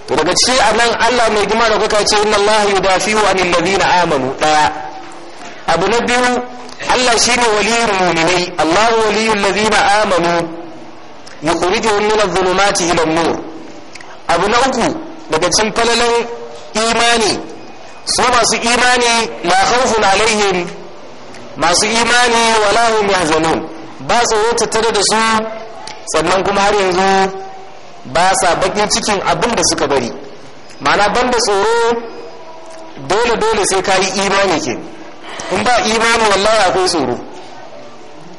to daga ce a nan allah mai gima da kuka ce inna allah wa anil ladina amanu daya abu na biyu allah shi ne waliyun mu'minai allah waliyul ladina amanu yukhrijuhum min adh-dhulumati zulumati an-nur abu na uku daga cin falalan imani su masu imani la khawfun alaihim masu imani wala hum yahzanun ba tsoro tattare da su sannan kuma har yanzu ba sa bakin cikin abin da suka bari mana banda tsoro dole dole sai ka yi imani ke in ba imani wallahi akwai tsoro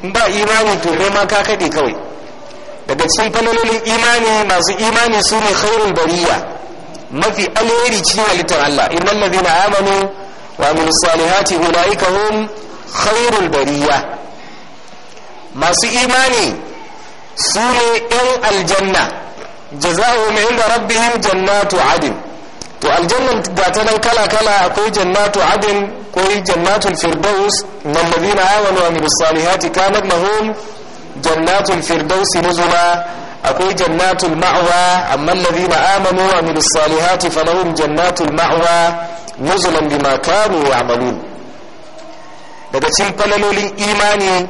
in ba imani to kai ma ka kaɗe kawai daga cikin falalolin imani masu imani su ne khairul bariya mafi alheri cikin halittar Allah innal ladina amanu wa amilu salihati ulaika hum khairul bariya masu imani su ne yan aljanna jaza'uhum inda rabbihim jannatu adin to aljannan ga ta nan kala kala akwai jannatu adin akwai jannatul firdaus man ladina amanu wa amilus salihati kanat lahum jannatul firdaus nuzula akwai jannatul ma'wa amma alladhina amanu wa amilus salihati falahum jannatul ma'wa nuzulan bima kanu ya'malun daga cikin falalolin imani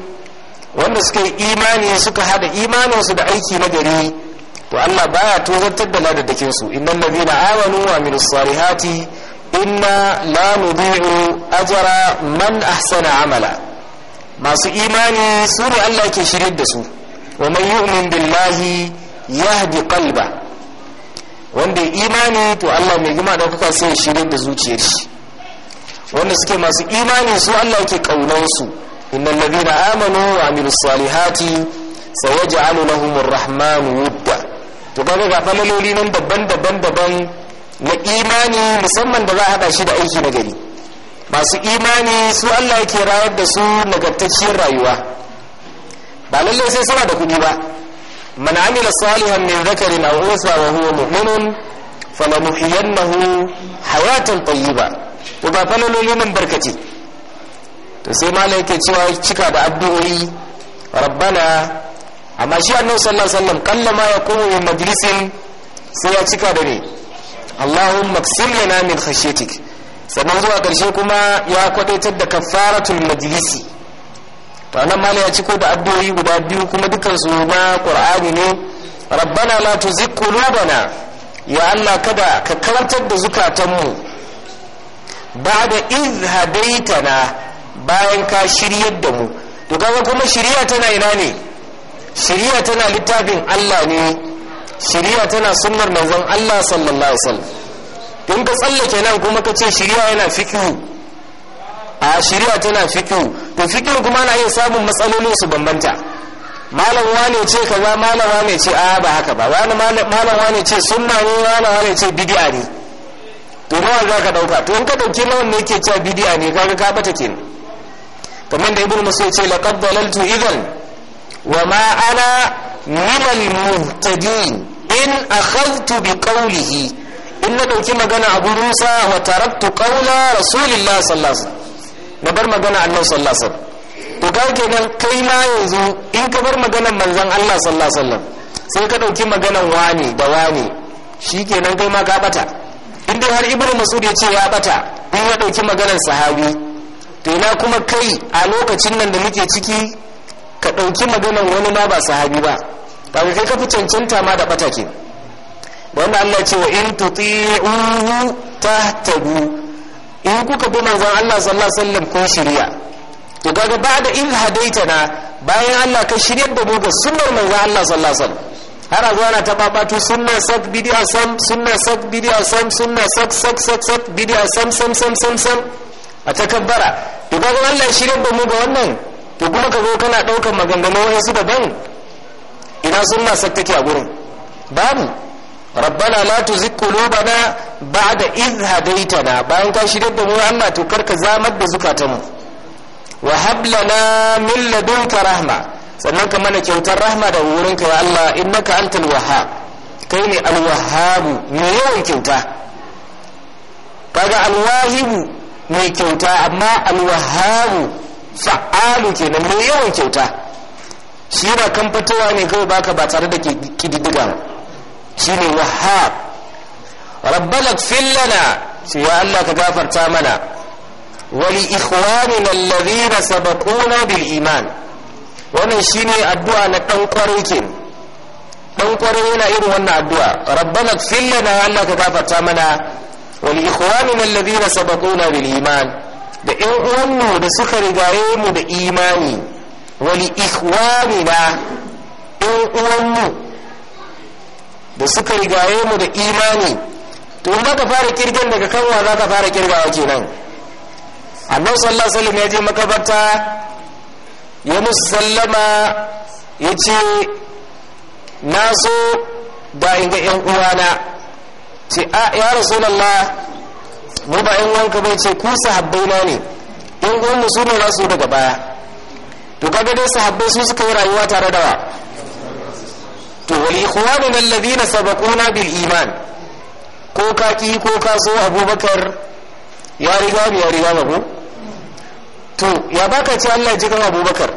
wanda suka yi imani suka hada imaninsu da aiki na gari to Allah baya tozartar da ladadakin su innal ladina amanu wa salihati inna la nudhi'u ajra man ahsana amala masu imani su ne Allah ke shirin da su wa man yu'min billahi yahdi qalba wanda imani to Allah mai gima kuka sai ya shirin da zuciyar shi wanda suke masu imani su Allah ke kaunar su innal ladina amanu wa amilus salihati sayaj'alu lahumur rahmanu wudda to ba ga falaloli nan daban daban daban na imani musamman da za a haɗa shi da aiki na gari masu imani su Allah yake rayar da su nagartacciyar rayuwa ba lallai sai suna da kuɗi ba man amila salihan min zakarin aw unsa wa huwa mu'minun falanuhiyannahu hayatan tayyiba to ba falaloli nan barkace to sai malai yake cewa cika da addu'o'i rabbana amma shi annabi sallallahu alaihi wasallam kalla ma yakunu min majlisin sai ya cika da ne Allahumma qsim lana min khashyatik sannan zuwa karshe kuma ya kwadaitar da kafaratul majlisi to annabi mala ya ciko da addu'o'i guda biyu kuma dukan su na qur'ani ne rabbana la tuzigh qulubana ya Allah kada ka karantar da zukatanmu ba'da idh hadaitana bayan ka shiryar da mu to kaga kuma shiriya tana ina ne shiriya tana littafin Allah ne shiriya tana sunnar manzon Allah sallallahu alaihi wasallam in ka tsallake nan kuma ka ce shiriya yana fikihu a shiriya tana fikihu to fikihu kuma na iya samun matsaloli su bambanta malam wane ce kaza malam wane ce a ba haka ba wani malam wane ce sunna ne wani wane ce bid'a ne to nawa za ka dauka to in ka dauki nawan ne yake cewa bid'a ne kaga ka bata kenan kamar da ibnu musa ce laqad dalaltu idan wa ma من المهتدين إن in بقوله bi دوكي in na dauki magana قول رسول wa صلى الله عليه وسلم نبر مغانا na bar magana عليه وسلم alaihi wasallam to kai ma yanzu in ka bar maganar manzon Allah sallallahu alaihi wasallam sai ka dauki maganar wani da wani shikenan kai ma ka bata in dai har ibnu mas'ud ya ce ya bata in ya dauki maganar sahabi to ina kuma kai a lokacin nan da muke ciki ka ɗauki maganan wani ma ba sahabi ba Ba kaga kai kafi cancanta ma da ɓata ke wanda Allah ce wa in ta tahtabu in kuka bi manzon Allah sallallahu alaihi wasallam kun shirya to kaga ba da in hadaitana bayan Allah ka shirya da mu ga sunnar manzon Allah sallallahu alaihi wasallam har a na ta babatu sunna sak bidiya sam sunna sak bidiya sam sunna sak sak sak sak bidiya sam sam sam sam sam a takabbara to kaga Allah shirya da mu ga wannan to kuma ka zo kana ɗaukar maganganun wasu daban ina sunna sak take a gurin babu rabbana la tuzigh qulubana ba'da idh hadaytana bayan ka shirye da mu Allah to karka zamar da mu. wa hab lana min ladunka rahma sannan ka mana kyautar rahma da wurinka ya Allah innaka antal wahhab kai ne alwahabu mai yawan kyauta kaga alwahibu mai kyauta amma alwahabu fa'alu kenan mai yawan kyauta shi ba kan fitowa ne kawai baka ba tare da kididdiga shi ne wahab rabbalak fillana shi ya Allah ka gafarta mana wani na ikhwanina alladhina sabaquna bil iman wannan ne addu'a na dan kwaro kenan dan kwaro yana irin wannan addu'a rabbalak fillana Allah ka gafarta mana wani wali ikhwanina alladhina sabaquna bil iman da ƴan uwanmu da suka rigaye mu da imani wali na ƴan uwanmu da suka rigaye mu da imani to in ka fara kirgin daga kanwa za ka fara kirgawa kenan annabi sallallahu alaihi wasallam ya je makabarta ya musallama ya ce na so da inga ƴan uwana ce a ya rasulullah mu ba yan wanka bai ce ku sahabbai na ne in gwamna su ne za su daga baya to kaga dai sahabbai su suka yi rayuwa tare da wa to wal ikhwanuna alladhina sabaquna bil iman ko ka ki ko ka so abubakar ya riga ya riga ku to ya baka ce Allah ji kan abubakar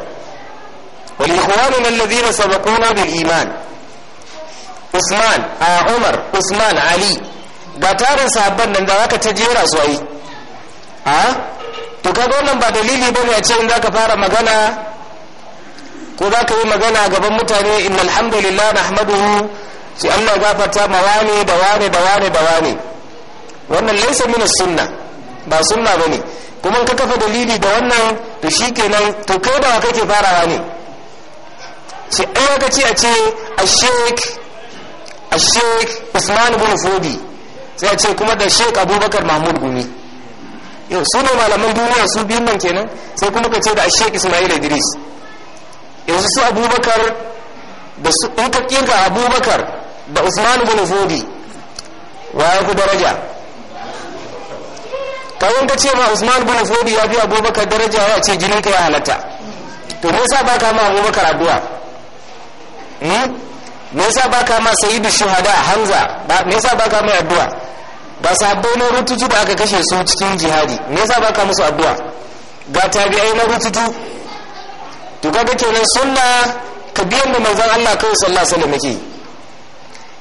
wal ikhwanuna alladhina sabaquna bil iman usman a umar usman ali ba tarin sahabban nan da zaka ta jera su ai a to kaga wannan ba dalili bane a ce in zaka fara magana ko zaka yi magana gaban mutane innal hamdulillah nahmaduhu sai Allah ya gafarta ma wane da wane da wane da wane wannan laisa min sunna ba sunna bane kuma ka kafa dalili da wannan to kenan to kai ba kake farawa ne sai ai ka ce a ce a sheikh a sheikh Usman bin Fodi sai ce kuma da sheik abubakar mahmud gumi yau su ne malaman duniya su biyun nan kenan sai kuma ka ce da sheik ismail idris yanzu su abubakar da su in ka kinka abubakar da usman bin wa ya ku daraja kawai ka ce ma usman bin zobi ya fi abubakar daraja ya ce jinin ka ya halatta to me yasa baka ma abubakar addu'a hmm? me yasa baka ma sayyidu shuhada hamza me yasa baka mai addu'a ba sabbai na rututu da aka kashe su cikin jihadi me yasa baka musu addu'a ga tabi'ai na rututu to kaga kenan sunna ka biyan da manzon Allah kai sallallahu alaihi wasallam yake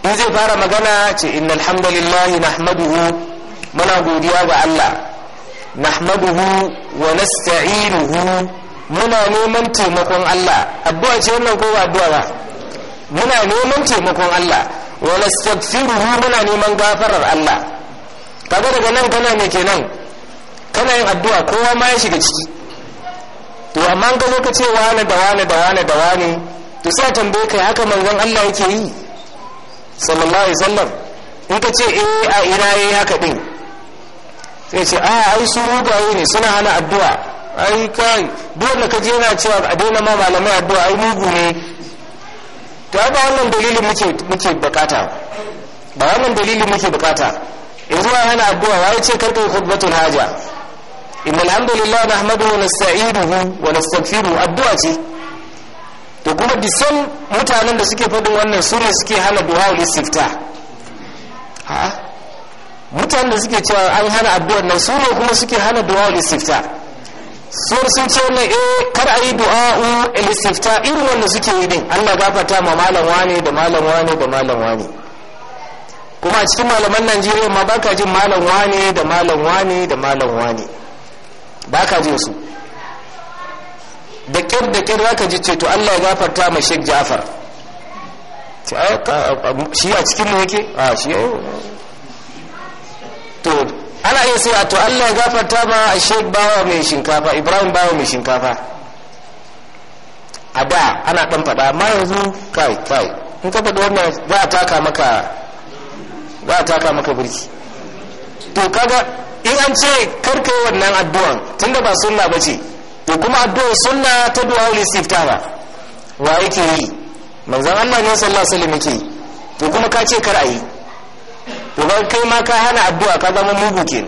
in zai fara magana ce innal hamdalillah nahmaduhu muna godiya ga Allah nahmaduhu wa nasta'inuhu muna neman taimakon Allah addu'a ce wannan ko addu'a ba muna neman taimakon Allah wa nastaghfiruhu muna neman gafarar Allah kaga daga nan kana ne kenan kana yin addu'a kowa ma ya shiga ciki to amma ka zo ka ce wane da wane da wane da wane to sai tambaye kai haka manzon Allah yake yi sallallahu alaihi wasallam in ka ce eh a ina yayi haka din sai ce a ah, ai su rubaye ne suna hana addu'a ai kai dole ka je na cewa a daina ma malamai addu'a ai mugu ne to ba wannan dalilin muke muke bukata ba wannan dalilin muke bukata in zuwa hana addu'a ya ce karka yi khutbatul haja inna alhamdulillah ahmadu wa nasta'inuhu wa nastaghfiruhu addu'a ce to kuma disan mutanen da suke fadin wannan su ne suke hana du'a ul istifta ha mutanen da suke cewa an hana addu'ar nan su ne kuma suke hana du'a ul istifta sun sun ce wani eh kar a yi du'a ul istifta irin wanda suke yi din Allah gafarta ma malam wane da malam wane da malam wane kuma a cikin malaman najeriya ma baka jin malam wane da malam wane da malam wane baka jin su da kyar da kyar zaka ji ceto allah ya gafarta ma sheik jafar shi a cikin mu yake a shi oh. to ana iya sai a to allah ya gafarta ma a sheik bawa mai shinkafa ibrahim bawa mai shinkafa a da ana dan faɗa amma yanzu kai kai in ka faɗi wannan za a taka maka ba a taka maka birki to kaga in an ce karka yi wannan addu'an tunda ba sunna ba ce to kuma addu'an sunna ta du'a sifta ba wa yake yi manzan Allah ne sallah alaihi yake yi to kuma ka ce kar a yi to ba kai ma ka hana addu'a ka zama mugu ke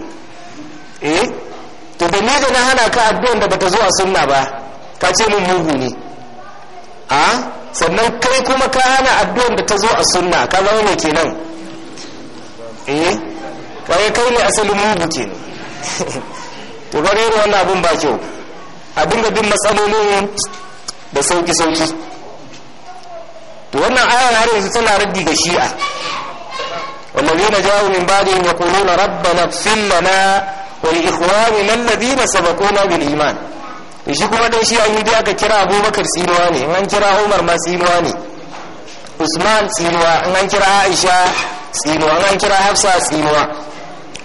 eh to da ni da na hana ka addu'an da bata zuwa sunna ba ka ce mun mugu ne a ah? sannan kai kuma ka hana addu'an da ta zo a sunna ka zama mai kenan eh kai kai ne asalin mugu ne to ga irin wannan abun ba kyau a dinga bin matsalolin da sauki sauki to wannan ayar har yanzu tana raddi ga shi'a والذين جاءوا من بعدهم يقولون ربنا اغفر لنا ولإخواننا الذين سبقونا بالإيمان shi kuma dan shi an dai aka kira abubakar sinuwa ne an kira umar ma sinuwa ne usman sinuwa an kira aisha tsinuwa an kira hafsa tsinuwa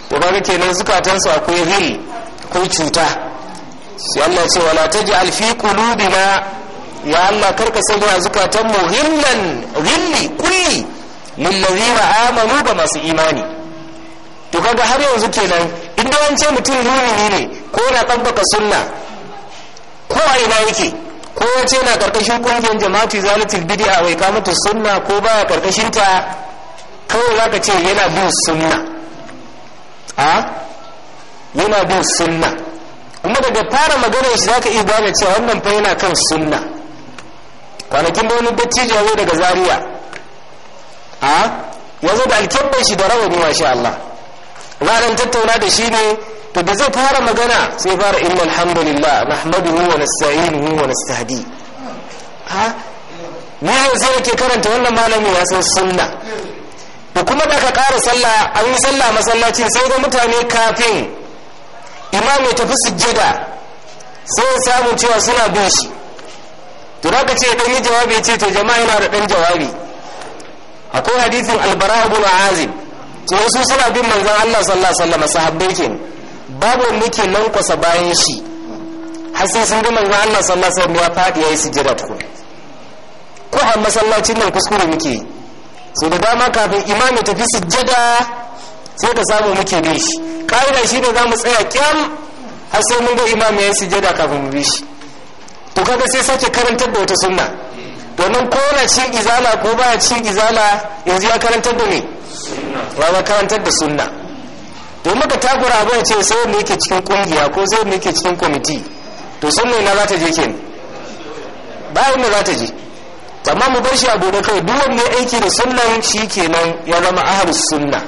to nan kenan su akwai hil ko cuta sai Allah ce wala taj'al fi qulubina ya Allah karka sanya zukatan mu ghillan ghilli kulli lil ladina amanu ba masu imani to kaga har yanzu kenan inda wance mutum mumini ne ko na tabbaka sunna ko a ina yake ko wace na karkashin kungiyar jama'atu zalatul bid'a wai kamata sunna ko baya karkashin ta kawai za ka ce yana bin sunna a yana bin sunna kuma daga fara magana shi za ka iya gane cewa wannan fa yana kan sunna kwanakin da wani dattijo ya daga Zariya a ya zo da alkyabban shi da rawani masha Allah ranar tattauna da shi ne to da zai fara magana sai fara inna alhamdulillah nahmaduhu wa nasta'inuhu wa nastahdi ha ne sai yake karanta wannan malami ya san sunna da kuma da ka kara sallah an yi sallah masallacin sai da mutane kafin imam ya tafi sujjada sai ya samu cewa suna bin shi to da ka ce ɗan yi jawabi ce to jama'a yana da ɗan jawabi akwai hadithin albara ibn azim to wasu suna bin manzon Allah sallah alaihi wasallam sahabbai ke babu muke nan kwasa bayan shi har sai sun bi manzon Allah sallallahu alaihi ya faɗi ya yi sujjada tukun ko a masallacin nan kuskure muke yi so da dama kafin imam ya tafi sujjada sai ka samu muke bi shi ƙa'ida shi ne za mu tsaya kyam har sai mun ga imam ya yi sujjada kafin mu bi shi to kaga sai sake karantar da wata sunna domin ko na cin izala ko ba cin izala yanzu ya karantar da me ba karantar da sunna domin ka takura abu ce sai wanda yake cikin kungiya ko sai wanda yake cikin kwamiti to sunna na za ta je kenan bayan mu za ta je amma mu bar shi a gobe kai duk wanda ya aiki da sunnan shi kenan ya zama ahlus sunna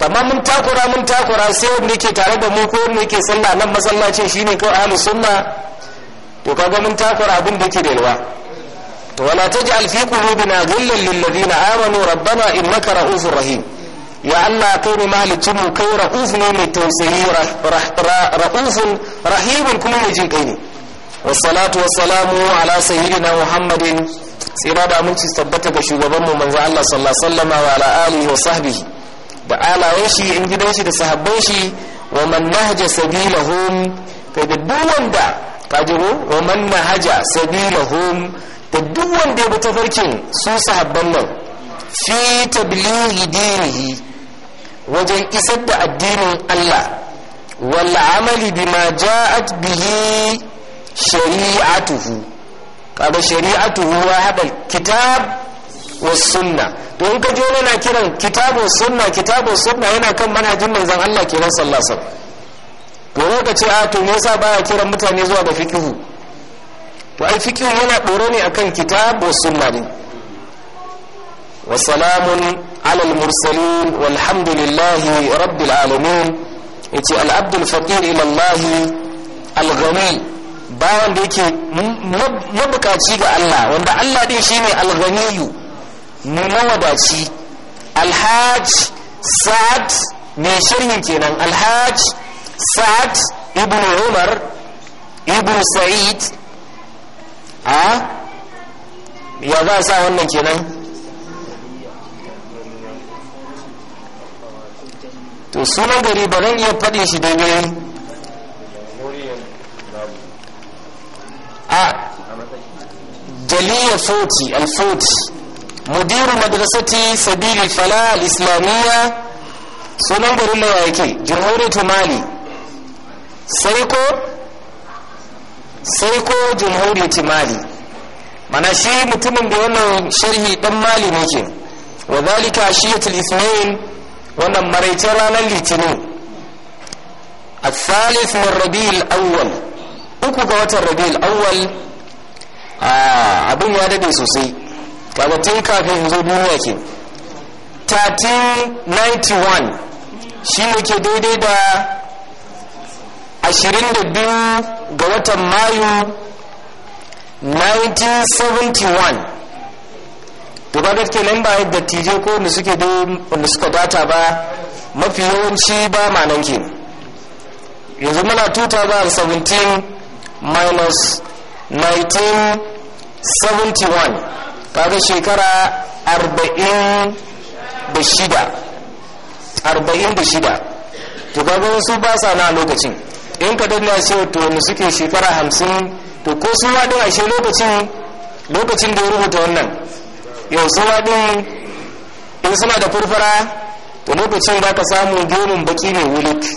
amma mun takura mun takura sai wanda yake tare da mu ko wanda yake sallah nan masallacin shine kawai ahlus sunna to kaga mun takura abin da yake da yalwa to wala taj'al fi qulubina ghillan lil ladina amanu rabbana innaka ra'ufur rahim ya Allah kai ne mahalicin mu kai ra'uf ne mai tausayi ra'ufun rahimun kuma mai jin kai ne والصلاة والسلام على سيدنا muhammadin. tsira da aminci tabbata ga shugaban mu manzo Allah sallallahu alaihi wa ala alihi wa sahbihi da alayen shi in gidan shi da sahabban shi wa man nahja sabilahum kai da duk wanda kajiru wa man nahja sabilahum da duk wanda ya bi tafarkin su sahabban nan fi tablighi dinihi wajen isar da addinin Allah wal amali bima ja'at bihi shari'atuhu ga shari'atu huwa hada kitab wa sunna to in ka je yana kiran kitabu sunna kitabu sunna yana kan manhajin manzon Allah kiran sallallahu alaihi wasallam to ka ce a ah, to me yasa baya kiran mutane zuwa ga fiqhu to ai fiqhu yana dore ne akan kitabu wa sunna ne wa salamun ala al mursalin walhamdulillahi rabbil alamin yace al abdul faqir ila Allah al ghani bawan da yake mabukaci ga Allah wanda Allah din shine al-ghaniyu mawadaci alhaj sa'ad mai shirin kenan alhaj sa'ad ibn umar ibn sa'id a ya za sa wannan kenan to sunan gari ba zan iya faɗin shi daidai a jaliya fauti alfauti mudiru madrasati sabili fala islamiyya sunan garin nawa yake jamhuriyar mali sai ko sai ko jamhuriyar mali mana shi mutumin da wannan sharhi dan mali ne ke wa zalika shiyatul wannan maraicin ranar litinin الثالث من ربيع الأول uku ga watan rabiul awal abin ya dade sosai kaga tun kafin zo duniya ke 1391 shi ne ke daidai da 22 ga watan mayu 1971 to ba da kenan ba yadda tije ko wanda suke wanda suka data ba mafi yawanci ba ma nan ke yanzu muna 2017 minus 1971 kaga shekara 46 to kaga wasu ba sa na lokacin in ka danna cewa to ni suke shekara 50 to ko su ma din ashe lokacin lokacin da ya rubuta wannan yau su ma din in suna da furfara to lokacin ba ka samu gemun baki ne wulik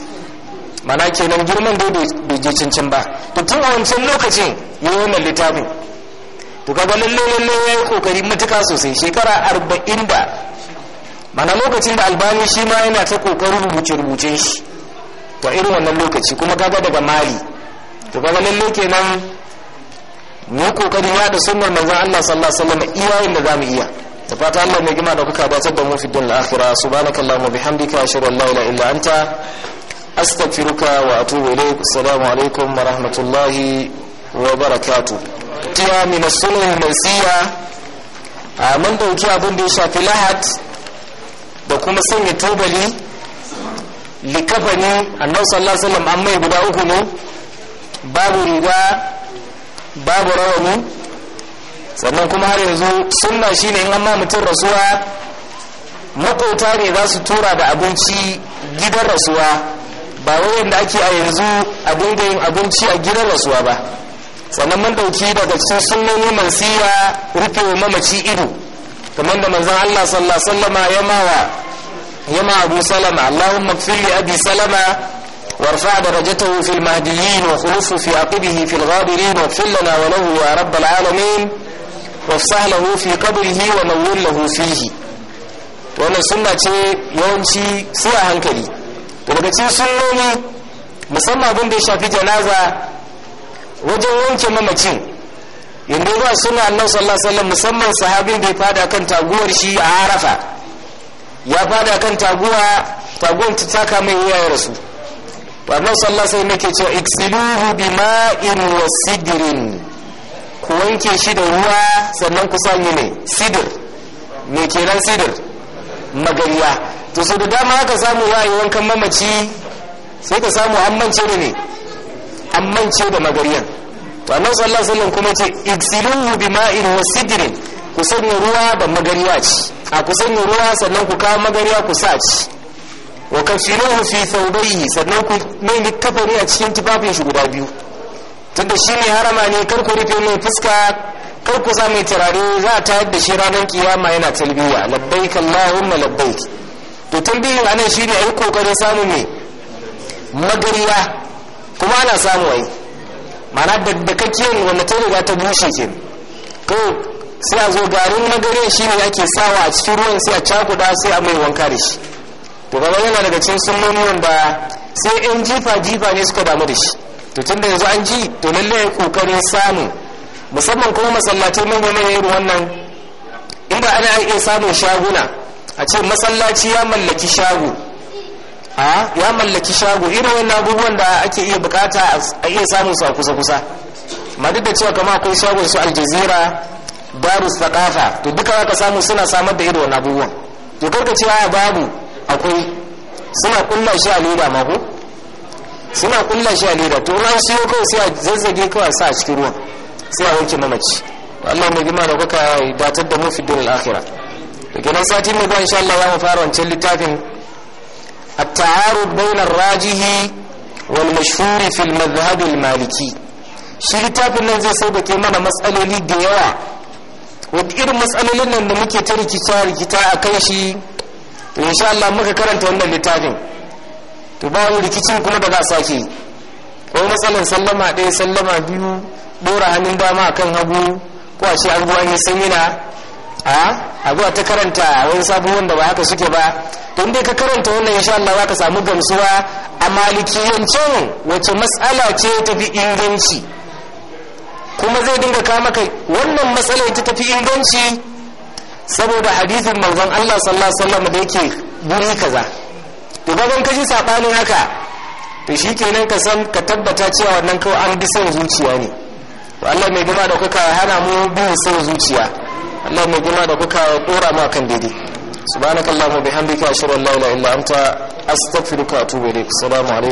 mana kenan girman dai bai je cincin ba to tun a wancan lokacin ya yi wannan littafin to kaga lalle lalle ya yi kokari matuka sosai shekara arba'in da mana lokacin da albani shi ma yana ta kokarin rubuce rubuce shi to irin wannan lokaci kuma kaga daga mali to kaga lalle kenan mu kokari ya da sunnar manzon Allah sallallahu alaihi wasallam iyayen da zamu iya da fata Allah mai gima da kuka ba da mu fi dunya akhirah subhanakallahumma bihamdika ashhadu an la ilaha illa anta astaghfiruka wa atubu ilaik assalamu alaikum wa rahmatullahi wa barakatuh tiya min as-sunnah al mun dauki abin da ya shafi lahat da kuma sanya tubali likafani annabi sallallahu alaihi wasallam amma guda uku ne babu riga babu rawani sannan kuma har yanzu sunna shine in amma mutum rasuwa makota ne za su tura da abinci gidan rasuwa ba wanda ake a yanzu a dinga yin abinci a gidan rasuwa ba sannan mun dauki daga cikin sunnoni mansiya rufe wa mamaci ido kamar da manzon Allah sallallahu alaihi wasallama ya mawa ya ma Abu Salama Allahumma ighfir li Abi Salama وارفع درجته في المهديين وخلفه في عقبه في الغابرين واغفر لنا وله يا رب العالمين وافسح له في قبره ونور له فيه wannan sunna ce yawanci su a hankali daga cikin sunnoni musamman abin da ya shafi janaza wajen wanke mamacin inda zuwa suna annabi sallallahu alaihi wasallam musamman sahabin da ya fada kan taguwar shi a arafa ya fada kan taguwa taguwar ta taka mai wuya ya rasu sallallahu alaihi sai yake cewa iksiluhu bima'in wa sidrin ku wanke shi da ruwa sannan ku sanya ne sidir me kenan sidir magariya to su da dama aka samu ra'ayi wankan mamaci sai ka samu ammance da ne ammance da magariyan to annabi sallallahu alaihi wasallam kuma ce igsiluhu bima'in wasidrin ku sanya ruwa da magariya ci a ku sanya ruwa sannan ku kawo magariya ku sa ci wa kafinuhu fi thawbayhi sannan ku mai kafari a cikin tufafin shi guda biyu tunda shi ne harama ne kar ku rufe mai fuska kar ku sa mai turare za a tayar da shi ranar kiyama yana talbiya labbaik allahumma labbaik to tambihin anan shine ai kokarin samu ne magariya kuma ana samu ai mana da kake wanda ta riga ta bushe ke to sai a zo garin magariya shine ake sawa a cikin ruwan sai a cakuda sai a mai wanka da shi to gaba yana daga cikin sunnoni wanda sai 'yan jifa jifa ne suka damu da shi to tun da yanzu an ji to lallai kokarin samu musamman kuma masallatai manya manyan irin wannan inda ana iya samun shaguna a ce masallaci ya mallaki shago a ya mallaki shago irin wannan abubuwan da ake iya bukata a iya samun su a kusa-kusa ma duk da cewa kama akwai shagon su aljazira babu thaqafa to duka waka samu suna samar da irin wannan abubuwan to karka cewa ya babu akwai suna kulla shi a leda ma suna kulla shi a leda to ran siyo kawai sai a zazzage kawai sa a cikin ruwan sai a wanke mamaci Allah mai gima da kuka datar da mu fi dunyal akhirah gidan sati mai zuwa insha Allah za mu fara wancan littafin at-ta'arud bainar rajihi wal mashhuri fil madhhab al maliki shi littafin nan zai sauke mana matsaloli da yawa wa irin matsalolin nan da muke ta rikita rikita a kai shi to insha Allah muka karanta wannan littafin to ba babu rikicin kuma da za a sake ko matsalan sallama ɗaya sallama biyu dora hannun dama akan hagu ko a shi an yi sanyina a abuwa ta karanta wani sabuwan da ba haka suke ba don dai ka karanta wannan insha Allah za ka samu gamsuwa a malikiyancin wace matsala ce ta fi inganci kuma zai dinga kama kai wannan matsala ta fi inganci saboda hadithin manzon Allah sallallahu alaihi wasallam da yake buri kaza to ga ka ji sabanin haka to shikenan ka san ka tabbata cewa wannan kawai an bi son zuciya ne to Allah mai gaba da kuka hana mu bin son zuciya Allah mu gima da kuka dora ma kan daidai subhanakallahumma bihamdika ashhadu an la ilaha illa anta astaghfiruka wa atubu ilayk assalamu alaykum